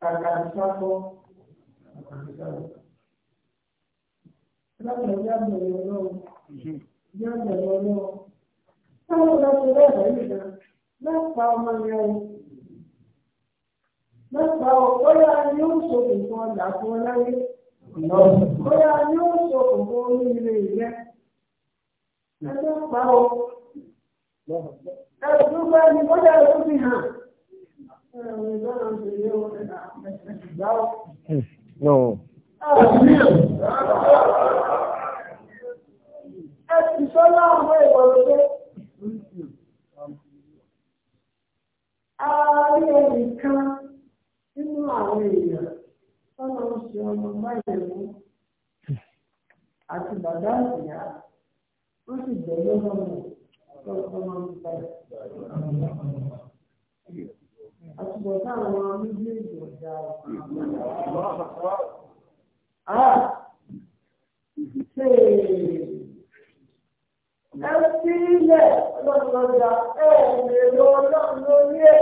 kàkà ìsáfọ́ kàkà ìsáfọ́. Lábàá ọlọ́run, ìyá bẹ̀rẹ̀ ọlọ́run. Táwọn ọ̀gá ti rẹ̀ rẹ̀ náà, lẹ́pa ọmọ yẹn o. Lẹ́pa ọ̀ bóyá ni ó ṣokùnfọ́ làkúọ́ láyé. Bóyá ni ó ṣokùnfọ́ orí ilé rẹ̀. Ẹ lẹ́pa ọ̀ ẹ̀sùn bá ní kọjá ló fi hàn. No. Ẹ sì sọ láwọn ìwọ̀n pé ààrí ẹnìkan nínú àwọn èèyàn tọ́nà ń ṣe ọmọ báyìí mú àti bàbá ìyá wọ́n sì gbẹ̀lẹ́ lọ́wọ́. Àtúbọ̀ táwọn méjèèjì ọ̀dà ọ̀pọ̀. Ṣé ẹ sí ilẹ̀ lọ́dọọdọ ẹ lè lo ọlọ́run lórí ẹ̀?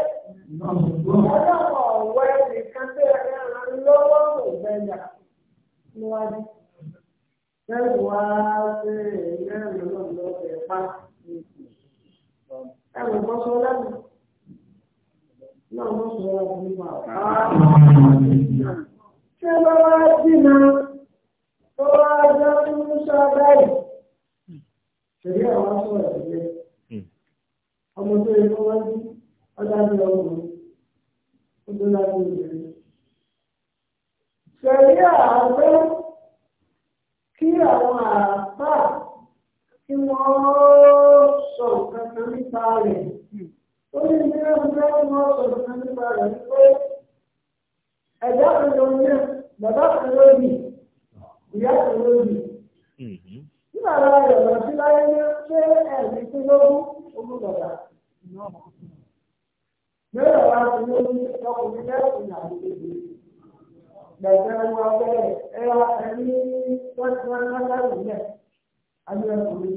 Ọlọ́run ọ̀wẹ́ nìkan tẹ́ ẹ ràn lọ́wọ́ òbẹ̀yà níwájú. Bẹ́ẹ̀ wá ẹ̀wọ̀n kan sọ náà wọ́n sọ ọ́ nípa ọ̀rọ̀. Ah. Ah. ṣé bá wá dínà tó wá jẹ́ fún ṣáájú ṣèlú àwọn sọ̀rọ̀ ṣẹlẹ̀ hmm. ọmọ tó yẹ kó wájú ọjà ní ọkùnrin ó tó láti obìnrin. ṣèlú àgbẹ̀ kí àwọn àpá kí wọ́n nípa rẹ̀. Hmm. Ó ní ní ẹgbẹ́ wọn sọ̀rọ̀ kan nípa rẹ̀ ní pé ẹ̀dá kan ló ní bàbá kan ló bì ìyá kan ló bì. Hmm. Ní bàbá rẹ̀ lọ sí láyé ní ṣé ẹ̀mí tí lógún ogún bàbá. Mẹ́rin wa ti ló ní ọkùnrin lẹ́kùnrin àti ìdílé. Gbàgbé wọn bẹ́ẹ̀ ẹ̀rọ ẹ̀mí wọ́n ti wọ́n ní wọ́n sáré nílẹ̀. Adé ọkùnrin.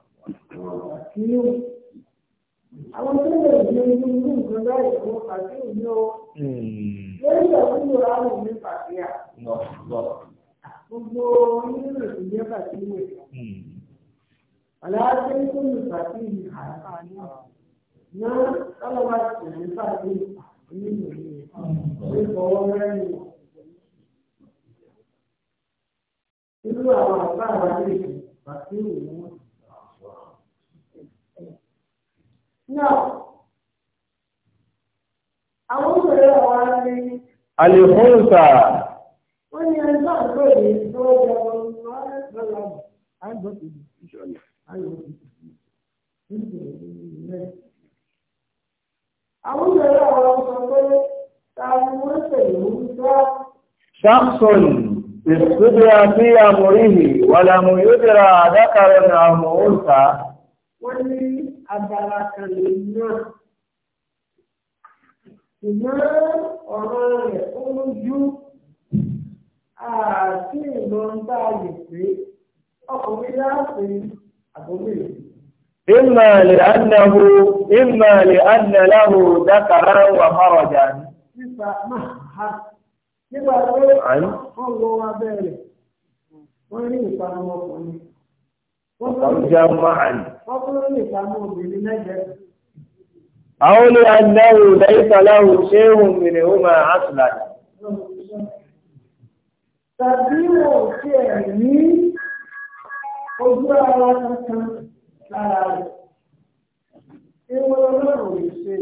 àti yóò. Àwọn tó lè gbé inú inú nǹkan báyìí wọ́n pàṣẹ òní o. Hmm. Lórí ìyàwó àwọn òní pàṣẹ à. Gbogbo onírò ìdílé pàṣẹ ìwé. Àlàáfíà tó lè pàṣẹ ìlú àlàkà ní ọ̀rọ̀. Náà lọ́lọ́wọ́ àti òní pàṣẹ onírò ìdílé. Ó fọwọ́ rẹ́rìn. Irú àwọn àbá àwọn àlejò pàṣẹ wọn. Now, àwọn òṣèré àwọn aráàlú. Àlèfóǹsà. Wọ́n ní ẹni tó àgbò yìí tó jẹ ọmọ lọ́la àgbọ̀tì ìṣọ̀lẹ̀ àgbọ̀tì ìṣọ̀lẹ̀. Àwọn òṣèré àwọn ọmọ pé ta ni wọ́n ṣèlú gbọ́. Samson ìṣúdúrà sí àmúríhì wàlámù yóò jẹ́ra àdákàrọ̀ ní àmọ̀ òǹsà. Wọ́n ní abala kan lè náà ṣùgbọ́n ọ̀rọ̀ rẹ̀ ó lójú àti ìlọrin bá a lè pé ọkùnrin láàpẹ àbọ̀mìlì. إما لأنه إما لأن له ذكرا وفرجا. عن ọ̀kọ̀ọ̀já máa ní. àwọn ní aláwò lẹ́yìn aláwò ṣéhùn mìíràn ó máa hásùlá. tàbí wò tí ẹ̀ ní ojú ara kankan lára rẹ̀. ìwọ̀n ọlọ́run ìṣe.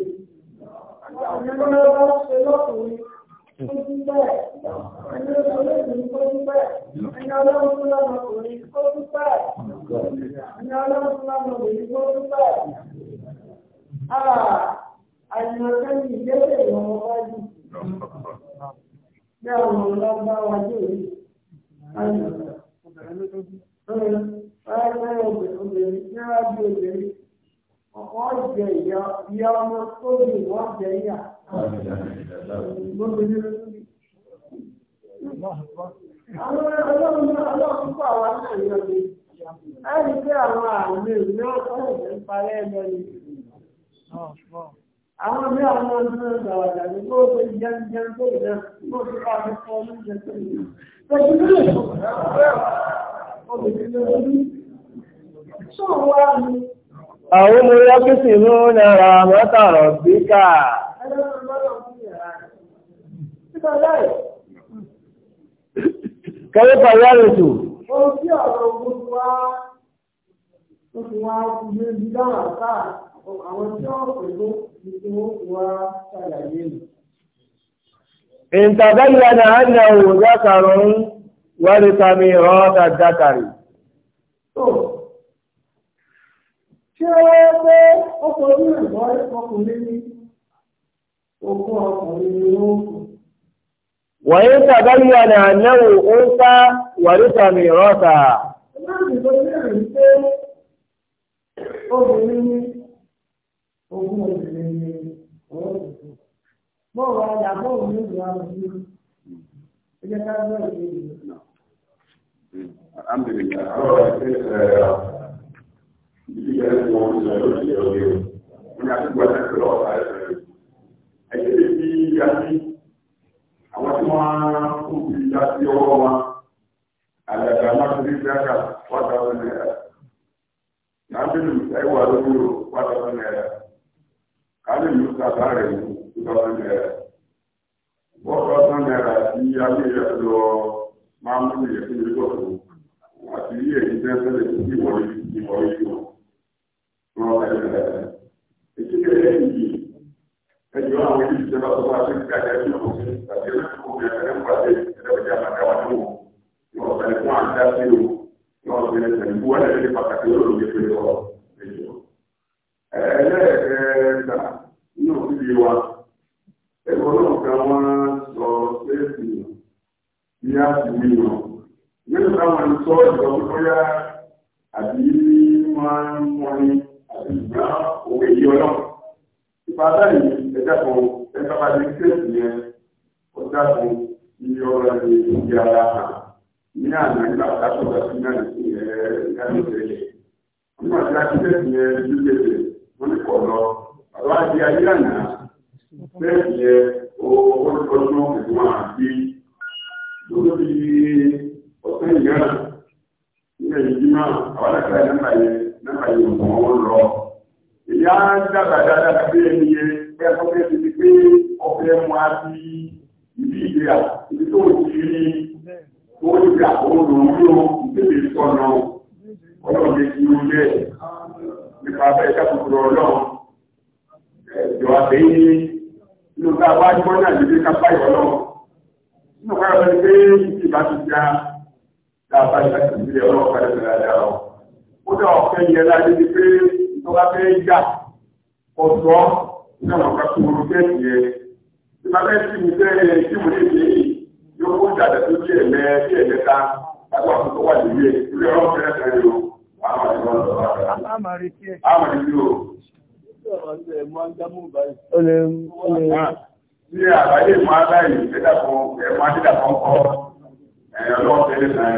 ìwọ̀n ọlọ́run ṣe lọ́kùnrin dúpẹ́ ìyá ọmọ tó bí wọ́n jẹ ìyá. Àwọn ọlọ́run náà ọlọ́run pọ̀ wá náà ní ọdún. A rí pé àwọn àmì náà ọ̀rọ̀ ìparẹ́ ẹgbẹ́ ni. Àwọn ọmọ àwọn ọdún náà gbàwàdà ní bó ṣe jẹun jẹun tó ìdá bó ṣe bá fi fọ́ ní jẹ tó ìdá. Pẹ̀lú ilé obìnrin ló rí. Sọ̀rọ̀ wá ni. Àwọn ọmọ yá kí sì mú náírà mọ́tàrọ̀ bíkà. Kẹ́lẹ́ pàyà rẹ̀ tò. Ohun tí ọ̀rọ̀ ogun ti wá ó ti wá ilé bí dáhà sáà àwọn tí wọ́n pẹ̀lú ní tí wọ́n ti wá ṣàlàyé nù. Ìntàbẹ́yà náà ń na òun lákàrún wárí tàbí ìrọ̀ dàdàkàrí. Ṣé ó pé ogún ọkùnrin ni ó kù. wọ̀nyí sàbáyà ní ànáwó ó ń sá wàrísà mi rọ́ta. láti lọ bẹ̀rẹ̀ pé obìnrin ni ogún obìnrin ni ọ̀rọ̀ tuntun. bọ́ọ̀lù ọjà bọ́ọ̀lù ní ìlú àbúrò ẹ jẹ́ ká gbọ́ ìdí ìlú náà. Alhamdulillah, àwọn ọ̀sẹ̀ ẹ̀rọ ìdílé ẹ̀rọ ìwọ̀n ìṣẹ̀lẹ̀ òṣèlú ọ̀gbìn. Wọ́n ní àtúgbò ẹ̀sẹ̀ lọ́wọ́ àìsàn ẹ̀yìn lè ya sí àwọn tí wọ́n á kú fi ìyá sí ọwọ́ wa àgbàgbà mákindé naira nàbínú ẹwà lówó one naira kálínú bàbá rẹ̀ two naira one naira sí abẹ́ ìyá lọ máa ń mú ìyẹ̀fún yìí bọ̀ fún àti èyí ẹjọ́ àwọn ilé ìjọba tó bá ṣe ń kájà sí òkú tàbí ẹlẹ́kùn òkú ẹ̀rẹ́ ń pàdé ẹ̀rẹ́bẹ̀já àtàwọn tó wò yọ ọ̀sẹ̀ fún àdá sí o yọ ọ̀sẹ̀ ẹ̀sẹ̀ ìbú wọn lẹ́yìn pàtàkì olóògbé pé ọ ẹjọ́. ẹlẹ́ẹ̀kẹta ní òkú yìí wa ẹ̀kọ́ náà kan wọ́n sọ séèsì ní àtìwí wọn. nínú táwọn ń sọ ìjọba tó yá àbí wọ́n ń mọ́ni àbí ìgbà òwe yìí ọlọ́run. ìfàdá yìí ẹ̀dàpọ̀ ẹ̀dàpọ̀ àdìsẹ́sì yẹn ó dàpọ̀ iye ọ̀rọ̀ ẹ̀ ti ara hàn ní àná nígbà tàbí ọ̀gá sí náà ní ìgbàlódé rẹ̀. nígbà tí àdìsẹ́sì yẹn ti léde wọ́n ní kọ̀ lọ àwọn àti ayé àná bẹ́ẹ̀ yẹn olùkọ́jú ìwọ̀n àti lórí ọ̀sẹ̀ ìyára ní ẹ̀yìn jímọ̀ àwọn àkàrà nípa yẹn nípa yẹn mọ̀ ọ́n lọ. ìyá ń dàgbà dáadáa bí ẹni yẹn ẹ̀fọ́ bẹ́ẹ̀ ti di pé ọ̀fẹ́ mu á di ibi ìgbéra ibi tó o ti rí tó o ti rí àkókò lòwúrò ìbéèrè sọ̀nà ọlọ́run lè fi irun bẹ́ẹ̀ nípa abẹ́rẹ́ kákòkòrò ọlọ́run ẹ̀jọ̀ àtẹ̀yìn nínú ká wá gbọ́ náà lè fi ká bá ìwọ lọ́wọ́ nínú ká lọ́wọ́ pé ìbá ti já dáàbá ìbá ti ìbílẹ̀ ọlọ́run padà sí dáadáa ọ̀ ó dá ọ̀fẹ́ yẹn láti di pé ìtọ́ka fẹ́ yà ọ̀sọ́ ní àwọn kan tó wọlé bẹ́ẹ̀ yẹ tí bá bẹ́ẹ̀ sì ní bẹ́ẹ̀ tí mo lè ṣe yìí yóò kó dàda tó bí ẹ̀mẹ́ bí ẹ̀mẹ́ta láti wà tó wà lórí ẹ̀ lórí ọ̀rọ̀ fẹ́rẹ́ fẹ́rẹ́ o àwọn àti wọn lọ bá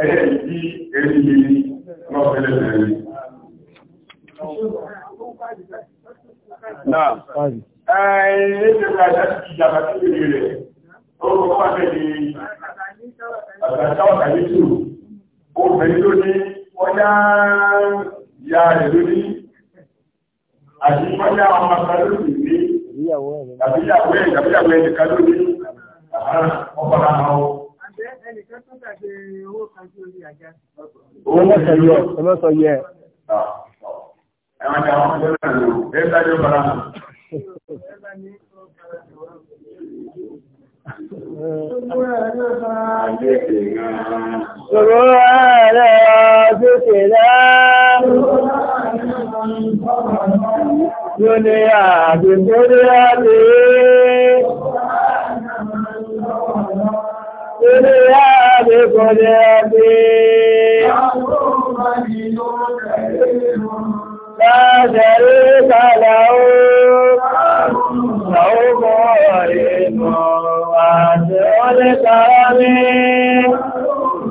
Ẹ̀yẹ́ ìdí ẹ̀rí yìí lọ́fẹ́lẹ́ rí. Náà. Ẹ̀yìn ní ìjọba ìjọba tí ó lè rẹ̀. Ó kọ́ pàṣẹ di àgbàtàwọ̀kà ní tù. Ó bẹ̀rẹ̀ tó ní ọjá ìyá rẹ̀ lórí. Àti ọjá ọmọ kan lórí ní. Ìyàwó ẹ̀ tàbí ìyàwó ẹ̀ tàbí ìyàwó ẹ̀ nìkan lórí. Ọkọ̀ náà náà Òun ẹ̀wọ̀n tí àwọn ọmọdé náà lò ẹ̀ bá yóò bára mọ̀. Sọ̀rọ̀ ààrẹ àgbèsè náà. Yóò ní àgbèsè ní àgbè. Yóò ní àgbèsè ní àgbè. Àwọn ọmọ ìlú kẹ̀lé wọn. لا شريك له له العلم واسع الكرم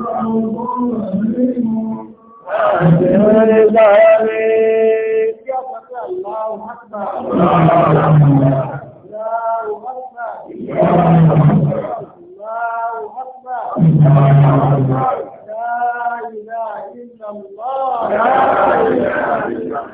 واسع الكرم الله أكبر الله أكبر الله أكبر لا إله إلا الله لا إله إلا الله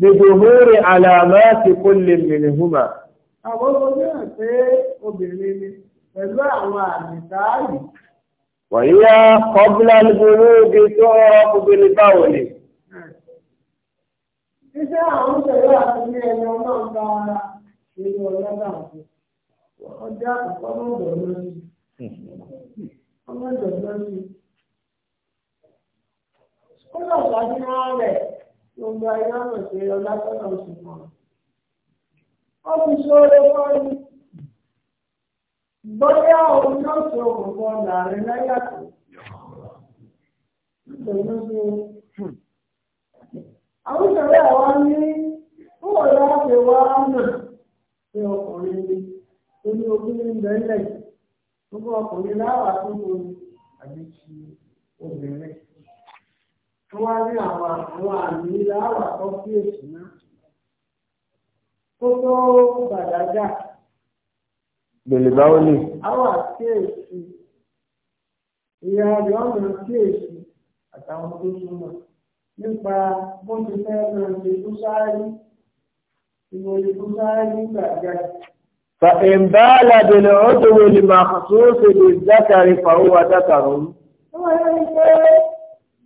bìdòhúrì àlàmáàtì kó lè mìíràn húmà. àwọn ọmọdé náà pé obìnrin ni pẹ̀lú àwọn àmì sáàyè. wàyí yá kọ́bílà nígboro oge tó rọra kúbele báwo ni. iṣẹ́ àwọn pẹ̀lú àtúnyẹ ẹni ọlọ́run bá ara ṣe ní ọlọ́dà àti ọjà àkọ́kọ́ mọ̀dọ̀ lọ́sí. ọmọdọ̀ lọ́sí. kó lọ́ọ̀ṣà bí wọ́n rẹ̀. gbogbo ayé ọ̀nà pé ọlásọ́nà oṣù kan. ó fi ṣoore fọ́ọ̀lù bóyá òun náà ṣe òkùnkùn láàrin láyàtọ̀. nítorí pé àwọn ìṣẹ̀lẹ̀ àwa ní fúwọ̀ láti wá ọkùnrin bẹ́ẹ̀ lẹ̀ gbogbo ọkùnrin tó àbí obìnrin. tó wá rí àwọn àwọn àmì ilẹ̀ àwà tó sí èsì náà tó tó gbàdájà. Bèlè báwo ni? Àwà sí èsì. Ìyá rẹ̀ ọ̀nà sí èsì àtàwọn tó súnmọ́ nípa bó ti fẹ́ máa ṣe tó sáré. Ìwòye tó sáré nígbà jáde. فإن بال بالعضو المخصوص بالذكر فهو ذكر.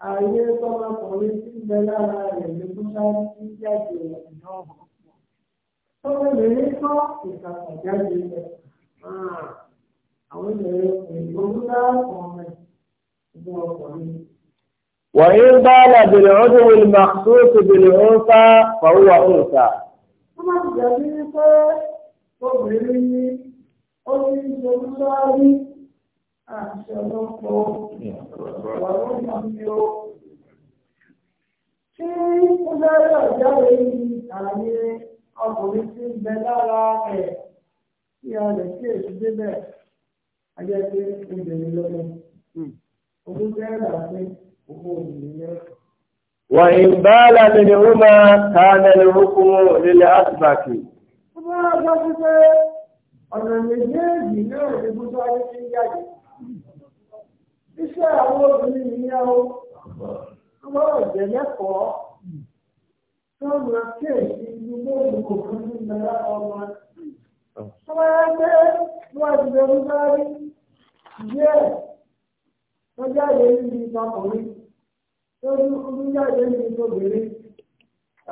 a tọ́lọ́kùnrin tí ń bẹ lára rẹ̀ na tún sáré sí jáde ọ̀nà ọ̀hún. tọ́lọ́bìnrin kọ́ ìtàkàjáde rẹ̀ ah, àwọn ìbẹ̀rẹ̀ ìgbóhùn láàkùn وإن بال بالعضو المخصوص بالأنثى فهو أنثى. أما àti ọlọ́pọ̀ ọlọ́pọ̀ ni ó. Tí Kúndẹ́rẹ́ ọ̀jáde ní àlàyé ọkùnrin tí ń bẹ lára rẹ̀ tí a lè kí èsì débẹ̀, a obìnrin lọ́dọ̀. Ogún Kẹ́rẹ́dà pé owó obìnrin lẹ́kọ̀ọ́. وإن بال منهما كان الحكم للأسبق. Ọmọ ọgbọ́n ti pé ọ̀nà méjèèjì náà ni Bùsọ̀ Adé ti ń iṣẹ́ àwọn obìnrin nìyẹn o wọ́n gbọ́dọ̀ jẹ́ lẹ́kọ̀ọ́ tí wọ́n máa kéèké inú bóòlù kò fún ní ìlera ọmọ. wọ́n máa gbé níwájú ẹni bá rí díẹ̀ wọ́n jáde níbi ìtọkùnrin tó ní jáde níbi ìtòbìnrin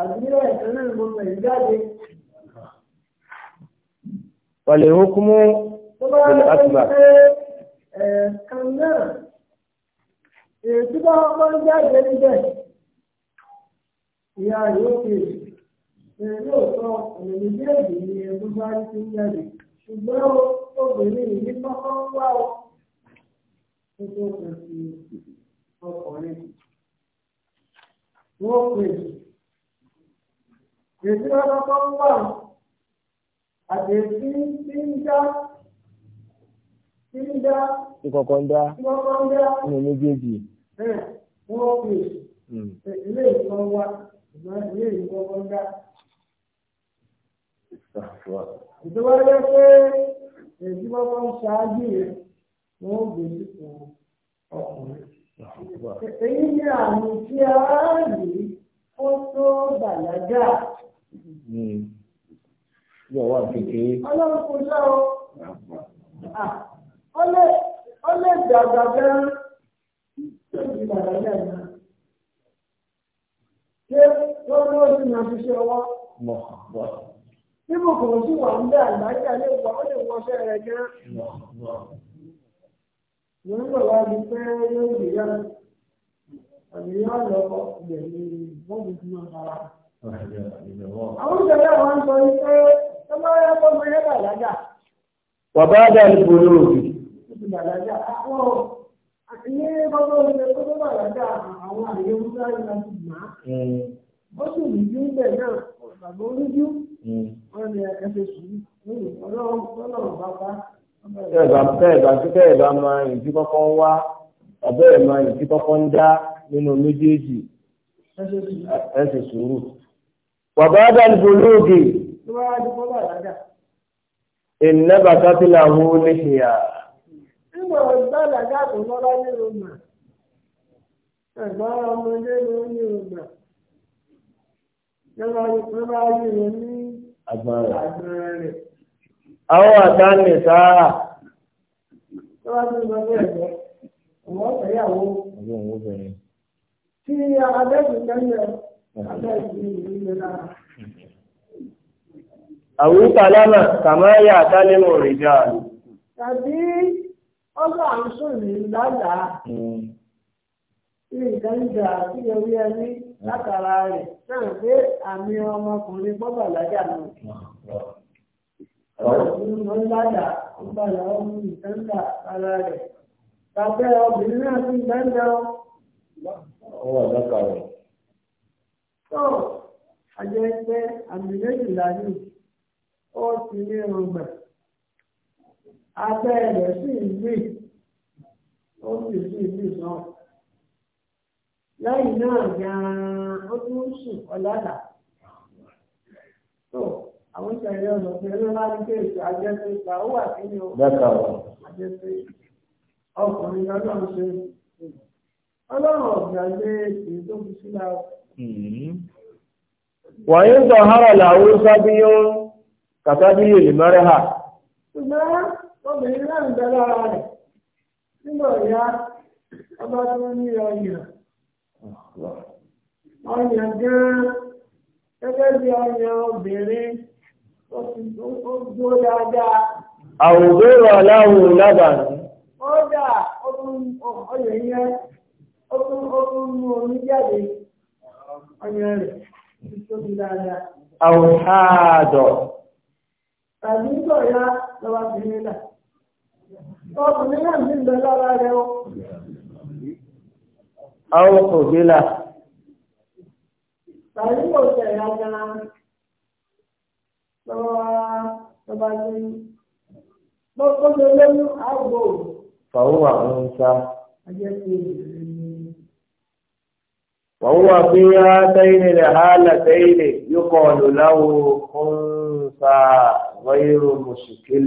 àbí ẹ̀ẹ́dẹ́ náà mo fẹ̀ jáde. wàlẹ̀ ìhókùnmó ìlú àtúbà. kan náà. èsì bá ń jáde níbẹ̀ ìyá rẹ̀ ó kéré ẹ̀ lóòótọ́ ọ̀nà méjèèjì ni bá rí sí jáde ṣùgbọ́n obìnrin yìí kọ́kọ́ ń wá o tó tó kàn sí ọkùnrin wọ́n pè èsì bá ń wá àti èsì ń já ìkọ̀kọ̀ ń dá ní méjèèjì. wọ́n pè é ilé ìkan wa ìgbà ilé ìkọ̀kọ̀ ń dá. ìjọba hmm. yẹ pé èyí kọ́kọ́ ń ṣáájú rẹ̀ wọ́n gbé nípò ọkùnrin. èyí ni àmì tí a rí ó tó bàlágà. Hmm. Yọ̀wọ́ àti kékeré. Ọlọ́run kò sọ ọ́. ó lè dàgbà tó ti dàgbà lẹ́yìn náà. ṣé tó ló sì máa fi ṣe ọwọ́? kò sí wà ń bẹ wà ó lè rẹ gan. mo ń bọ̀ wá di pé yóò lọ ilẹ̀ ní bọ́ọ̀lù tí wọ́n fara. àwọn ìṣẹ̀lẹ̀ wọn sọ ọmọ ẹ̀kọ́ bàlágà àpọ̀ àtìlẹ́ bọ́bọ́ ọ̀sẹ̀ tó tó bàlágà àwọn àyè wúlá ìlà ti mà á. ó sì ní bí bẹ̀ náà bàbá oníjú hmm. wọn ni ẹsẹ̀ sùúrù ọlọ́run ọlọ́run bá bá. tẹ́ẹ̀bà tẹ́ẹ̀bà tí tẹ́ẹ̀bà máa ìdí kọ́kọ́ ń wá ọ̀bẹ́ ẹ̀ máa ìdí kọ́kọ́ ń dá nínú méjèèjì ẹsẹ̀ sùúrù. bàbá adàlú bolóògì. ìnábàtà tí làwọn ó yàrá nígbà gbàlàgà kò mọ́lá ní rògbà ẹ̀gbọ́n ọmọdé ló ní rògbà ló bá yí rẹ̀ ní agbára rẹ̀. àwọn àgbà ní sáà. tó bá ti lọ bẹ́ẹ̀ lọ ọmọ ọ̀fẹ́yàwó. ọjọ́ òun obìnrin. tí abẹ́kùn lẹ́yìn abẹ́kùn ìlú lára. àwùjọ alámà kàmáyà tálẹ́mù rìjà. tàbí ọgbà ń sùn ní lálàá hmm. nǹkan ń jà sí orí ẹni látara rẹ̀ náà pé àmì ọmọkùnrin bọ́bà lájà náà. Ọ̀rọ̀ ń lájà ń bàlá ọmọ nǹkan ń jà ara rẹ̀. Tàbẹ́ obìnrin náà ti gbẹ́ndẹ̀ ọ́. abẹ́ rẹ̀ sì ń rì ó sì sí náà lẹ́yìn náà gan-an ó tún sùn tó àwọn ìṣẹ̀lẹ̀ ọ̀nà tí àjẹsẹ̀ ìgbà ó wà sí ní àjẹsẹ̀ ọkùnrin ọlọ́run ṣe ọlọ́run ọ̀gbà tó fi sílá o. wàyí ń làwọn ọ bụ ń bẹ lára rẹ̀ ya, ìyá ọba tó ní ọyàn ọyàn gan-an gẹ́gẹ́ bí ya, obìnrin ó gbó ọ aláwọ̀ lábàánú. ó dà ọ yẹn ó tún mú omi jáde rẹ̀ dáadáa. àwùjọ àádọ́. tàbí ya lọ́wọ́ sí nílẹ̀. ọkùnrin náà ní ìbẹ̀ lára rẹ̀ o. àwọn òbí là. tàbí kò tẹ̀yà gan-an lọ́wọ́ tọba ní gbogbo lóyún àgbo. fàwọn àwọn ń sá. وهو في هاتين الحالتين يقال له انثى غير مشكل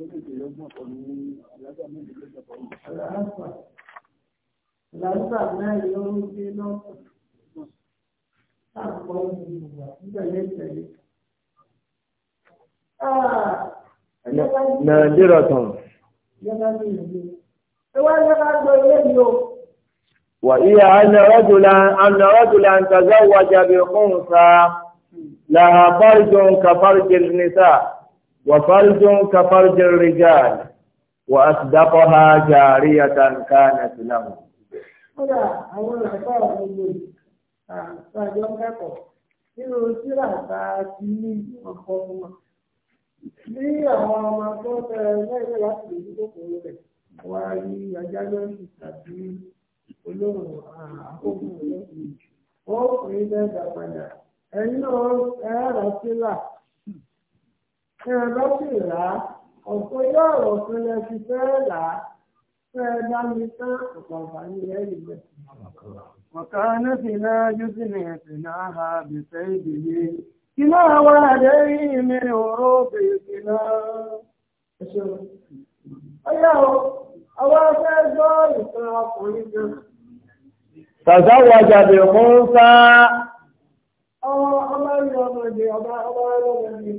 Làlúbà náà yóò ń gbé lọ́pọ̀. Láàpọ̀ ìgbà nígbàlẹ́ tẹ̀lé. Ah! Nàìjíríà tán. Ẹ wá ní ká gbọ́ ilé mi o. وهي أن رجلا أن رجلا تزوج بأنثى لها فرج كفرج النساء وفرج كفرج الرجال وأصدقها جارية كانت له kódà àwọn ọ̀pá ọ̀rọ̀ ilé àtàjọ ń kẹ́kọ̀ọ́ nínú síra ta ti ní ọkọ̀ fún wa ní àwọn ọmọ tó fẹ́ lẹ́yìn láti lè ní kòkòrò rẹ̀ wá rí ajálẹ́sì tàbí olóòrùn àkókò rẹ̀ ó ẹ̀yin náà ẹ̀rọ síra tí ẹ bá sì rà á ọ̀pọ̀ yóò rọ̀ fún ẹ fi fẹ́ rà á fẹ́ ẹ bá mi tán ọ̀pọ̀ àǹfààní rẹ̀ yìí bẹ̀. وكان فينا جزن يتناها بسيده كنا وعليه من وروب كنا أيها أوا فأزوى يتناها تزوج بموسى أو أما يوم الدين أما يوم الدين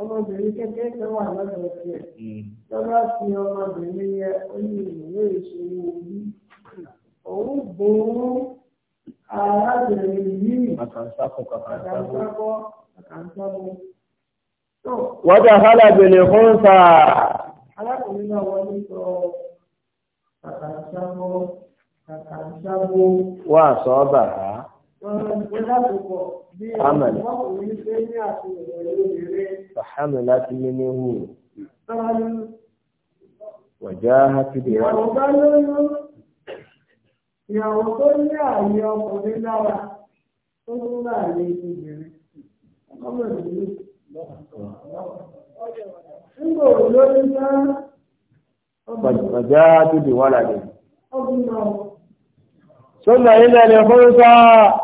ọmọbìnrin kékeré kan wà lọ́dọ̀ tiẹ̀ lọ́dọ̀ hmm. fi ọmọbìnrin yẹ oyún ìwé ìṣòro yìí òun gbòòrùn arábìnrin yìí àkànṣákọ̀ àkànṣákọ̀. wọ́n dá alábìnrin fún sà. arákùnrin náà wọlé sọ kàkànṣákọ̀ kàkànṣákọ̀. wọ́n àṣọ bàrà. حمل فحملت منه وجاهت به ìyàwó tó ní àyè ọkùnrin lára tó tún náà lè fi bèrè ọmọ ìlú nígbà òun ló ní bá ọjà dúdú wà lálẹ́. sọ́nà ilẹ̀ ni fún sáà.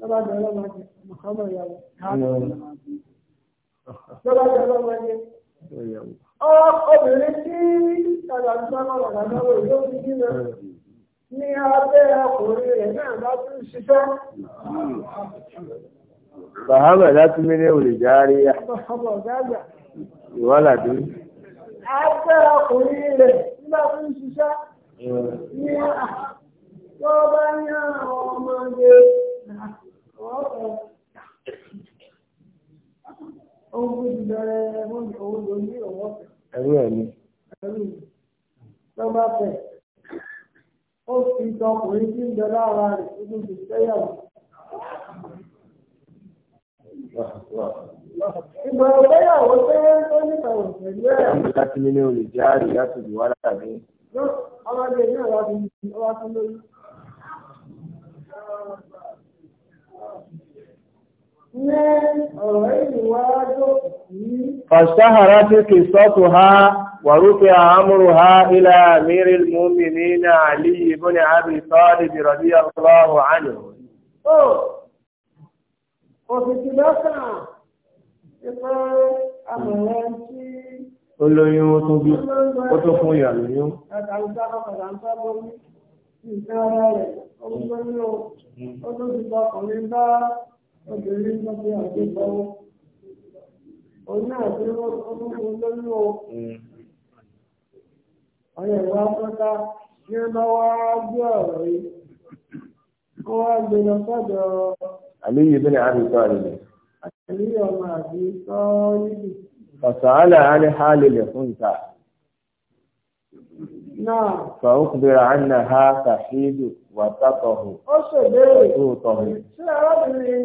lọ́ba jẹ ọlọ́mọdé mọ̀kànmọ́ ìyàwó lọ́ba jẹ ọlọ́mọdé. obìnrin tí àgbàdúgbò àgbàdúgbò yóò fi dínà ní abẹ́ ọkùnrin rẹ̀ náà bá tún ṣiṣẹ́. Bàhámà láti mílẹ̀ òlè járe yá. Ìwọ́là dé. Abẹ́ ọkùnrin rẹ̀ nígbà tó ń ṣiṣẹ́ ní àwọn tó bá ní àwọn ọmọdé ẹrú ẹ ni. lọ́ba fẹ̀ ó fi tọkùnrin tí ń bẹ lára rẹ̀ nínú ìgbéyàwó. Ìgbà ìgbéyàwó pé ó ní ìtàwọn pẹ̀lú ẹ̀. Àwọn ìdásílẹ̀ ní olè jẹ́ àrí láti ìwádà mi. Ọmọdé yìí náà wá sí lórí. ní ọ̀rọ̀ ìwájú yìí. fàṣáhàrá tí kì sọ́tù ha wàrúkẹ́ àmúrù ha ilẹ̀ àmìrí mọ́mìnì ní àlì ìbọn ní àbí sọ́ọ̀lì bìrọ̀ bí ọlọ́run àná. ó òfìsì lọ́sàn ìfẹ́ àmọ̀rẹ́ tí obìnrin ló fi àgbé lọ́wọ́ òun náà tí wọ́n fún un lóyún o ọ̀yẹ̀ ìwà pátá ní ọba wa gbé ọ̀rọ̀ yìí kó wá gbé lọ sọ́dọ̀ àlíyé bí ní àríkọ́ àlejò àlíyé ọmọ àbí sọ níbi. فسأل عن حال الأنثى náà. Fàúkùbẹ̀rẹ̀ àná ha tàhídù wà tátọ̀hù. Ó ṣèbéèrè. Ṣé arábìnrin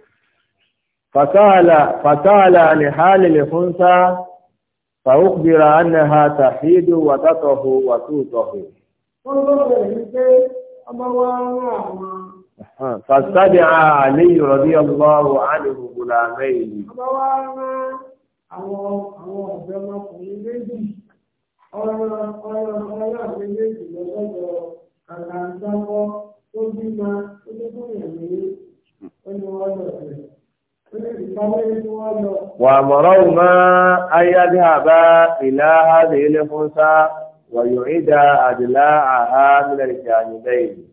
فسأل عن حال الأنثى فأخبر أنها تحيد وتطه وتوطه. فاستدعى علي رضي الله عنه غلامين. Thank you. وأمرهما أن يذهبا إلى هذه الخنسى ويعيدا أدلاعها من الجانبين.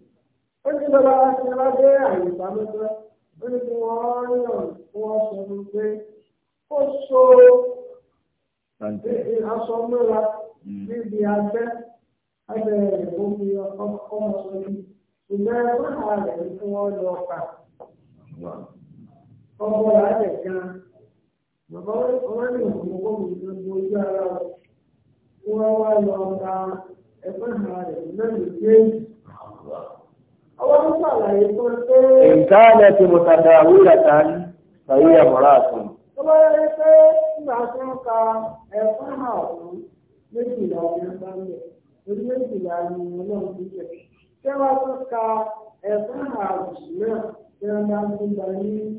Wow. ọmọ rà lẹ̀ gan bàbá wọn ní òmùgọ́mù gbogbo ojú ara wọn wọn wá lọ ta ẹgbẹ́ ara rẹ̀ lẹ́nu déèjì. ọwọ́ ń tó pé. mo àtún. pé nígbà tó ń ka méjìlá bá ń bẹ̀ orí méjìlá ni ti tó ka náà ń gbé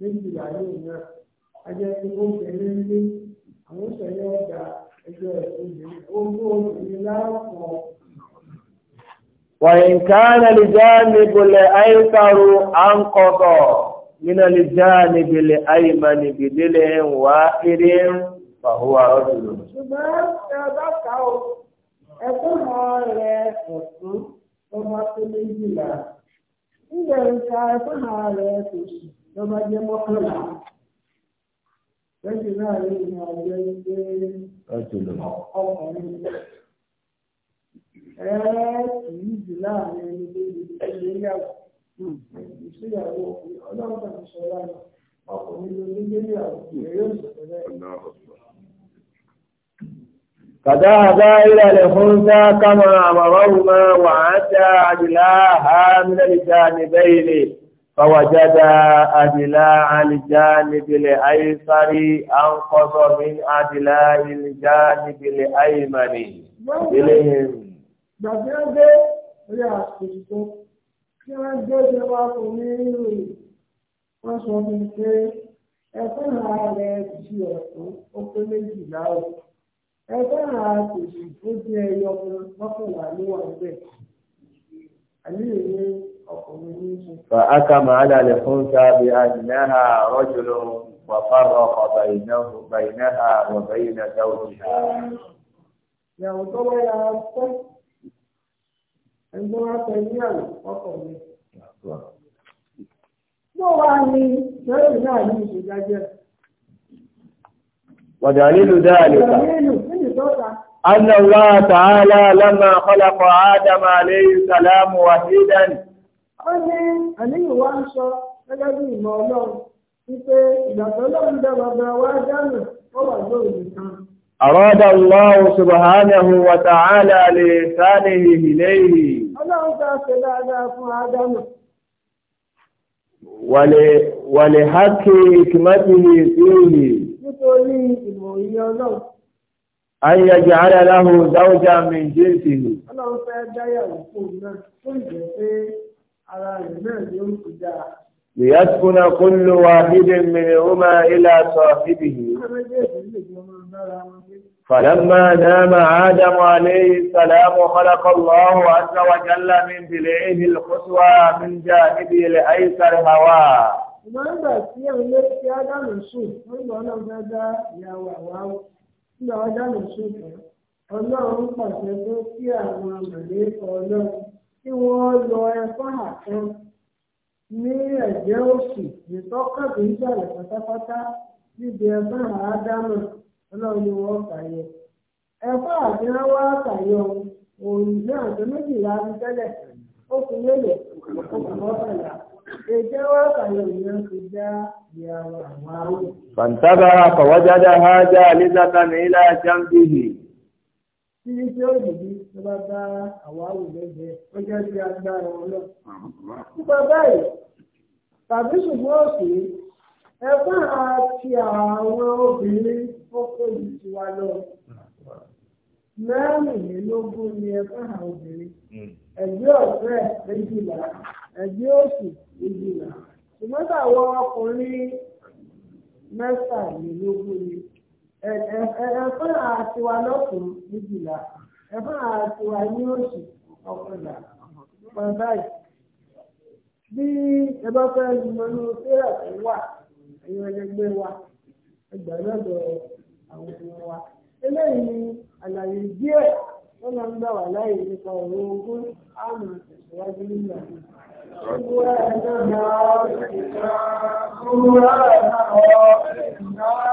méjìlá yóò ná ajẹ́ pé ó bẹ̀rẹ̀ ní àwọn ìṣẹ̀lẹ̀ ọ̀gá ẹjọ́ ìṣòwò owó obìnrin láàpọ̀. وإن كان لجانب الأيسر أنقض من الجانب الأيمن بدلع واحد فهو رجل. ṣùgbọ́n ẹ bá kà ó ẹkún hàn rẹ̀ ọ̀tún ọmọ tó méjìlá ń gbẹ̀rù ta ẹkún hàn rẹ̀ tó tó bá jẹ́ mọ́kànlá lẹ́sìn náà ní ìrìn àjẹ́ ilé ọkùnrin ẹ̀ẹ́dì yìí láàrin ẹni tó lè gbéyàwó ìṣèyàwó ọlọ́run tàbí sọ́lá ọkùnrin ló lè gbéyàwó èrè òṣèlú rẹ̀. فذهبا إلى الأنثى كما أمرهما وأتى عدلاها من الجانبين فوجد أدلاء الجانب الأيسر أنقص من أدلاء الجانب الأيمن إليهم Wọ́n sọ mi pé ẹ̀fọ́n ara rẹ̀ ti ọ̀tún ó pé méjìlá ò. Ẹ̀fọ́n ara kò sì tó jẹ́ ẹyọ ọmọ mọ́kànlá ló wà níbẹ̀. Àníyàn ni فأكم على الحنثى بأنها رجل وفرق بينه بينها وبين زوجها. ودليل ذلك أن الله تعالى لما خلق آدم عليه السلام وحيدا ó ní àníyàn wá ń sọ gẹ́gẹ́ bí ìmọ̀ ọlọ́run wípé ìgbàgbọ́ ọlọ́run dá bàbá wa dánù ó wà lóòrùn nìkan. أراد الله سبحانه وتعالى لسانه إليه ول ولحق حكمته فيه أن يجعل له زوجا من جنسه ara rẹ̀ náà ni ó ń kú wa níbi mìíràn ó máa ilé aṣọ yìí. فلما نام آدم عليه السلام خلق الله عز وجل من ضلعه القصوى من جانبه الأيسر هواه ìmọ̀ nígbà tí ẹ̀rù tí ádámù sùn nígbà ọlọ́run bá dá sùn tán ọlọ́run kí wọ́n lọ ẹfáhà kan ní ẹ̀jẹ̀ òsì ìtọ́kàtì ìsàlẹ̀ pátápátá níbi ẹfáhà ádámù ọlọ́run ni wọ́n fàyẹ. ẹfáhà tí wọ́n wá fàyọ òòrùn ní àjọ méjìlá ní tẹ́lẹ̀ okùn lélẹ̀ okùn ló bá bá àwáwò lẹ́gbẹ̀ẹ́ ó jẹ́ sí agbára ọlọ́. nípa báyìí tàbí ṣùgbọ́n òkè ẹgbẹ́ àti àwọn obìnrin ó kó ju tiwa lọ. mẹ́rìnlélógún ni ẹgbẹ́ àwọn obìnrin ẹgbẹ́ ọ̀fẹ́ méjìlá ẹgbẹ́ òsì méjìlá ṣùgbọ́n táwọn ọkùnrin mẹ́tàlélógún ni lọ́kùnrin ẹ bá àti wa ní òsì ọ̀pọ̀lọpọ̀ ọ̀pọ̀ báyìí bí ẹ bá fẹ́ mọnú sẹ́rà tó wà ẹ̀yin ẹlẹgbẹ́ wa ẹgbà lọ́dọ̀ àwọn ọmọ wa eléyìí ni àlàyé díẹ̀ wọ́n máa ń gbà wá láàyè nípa ọ̀rọ̀ ogún àmọ́ ìtẹ̀síwájú nínú àná. Gbogbo ẹ̀ náà máa ń ṣe ìṣàkóso náà.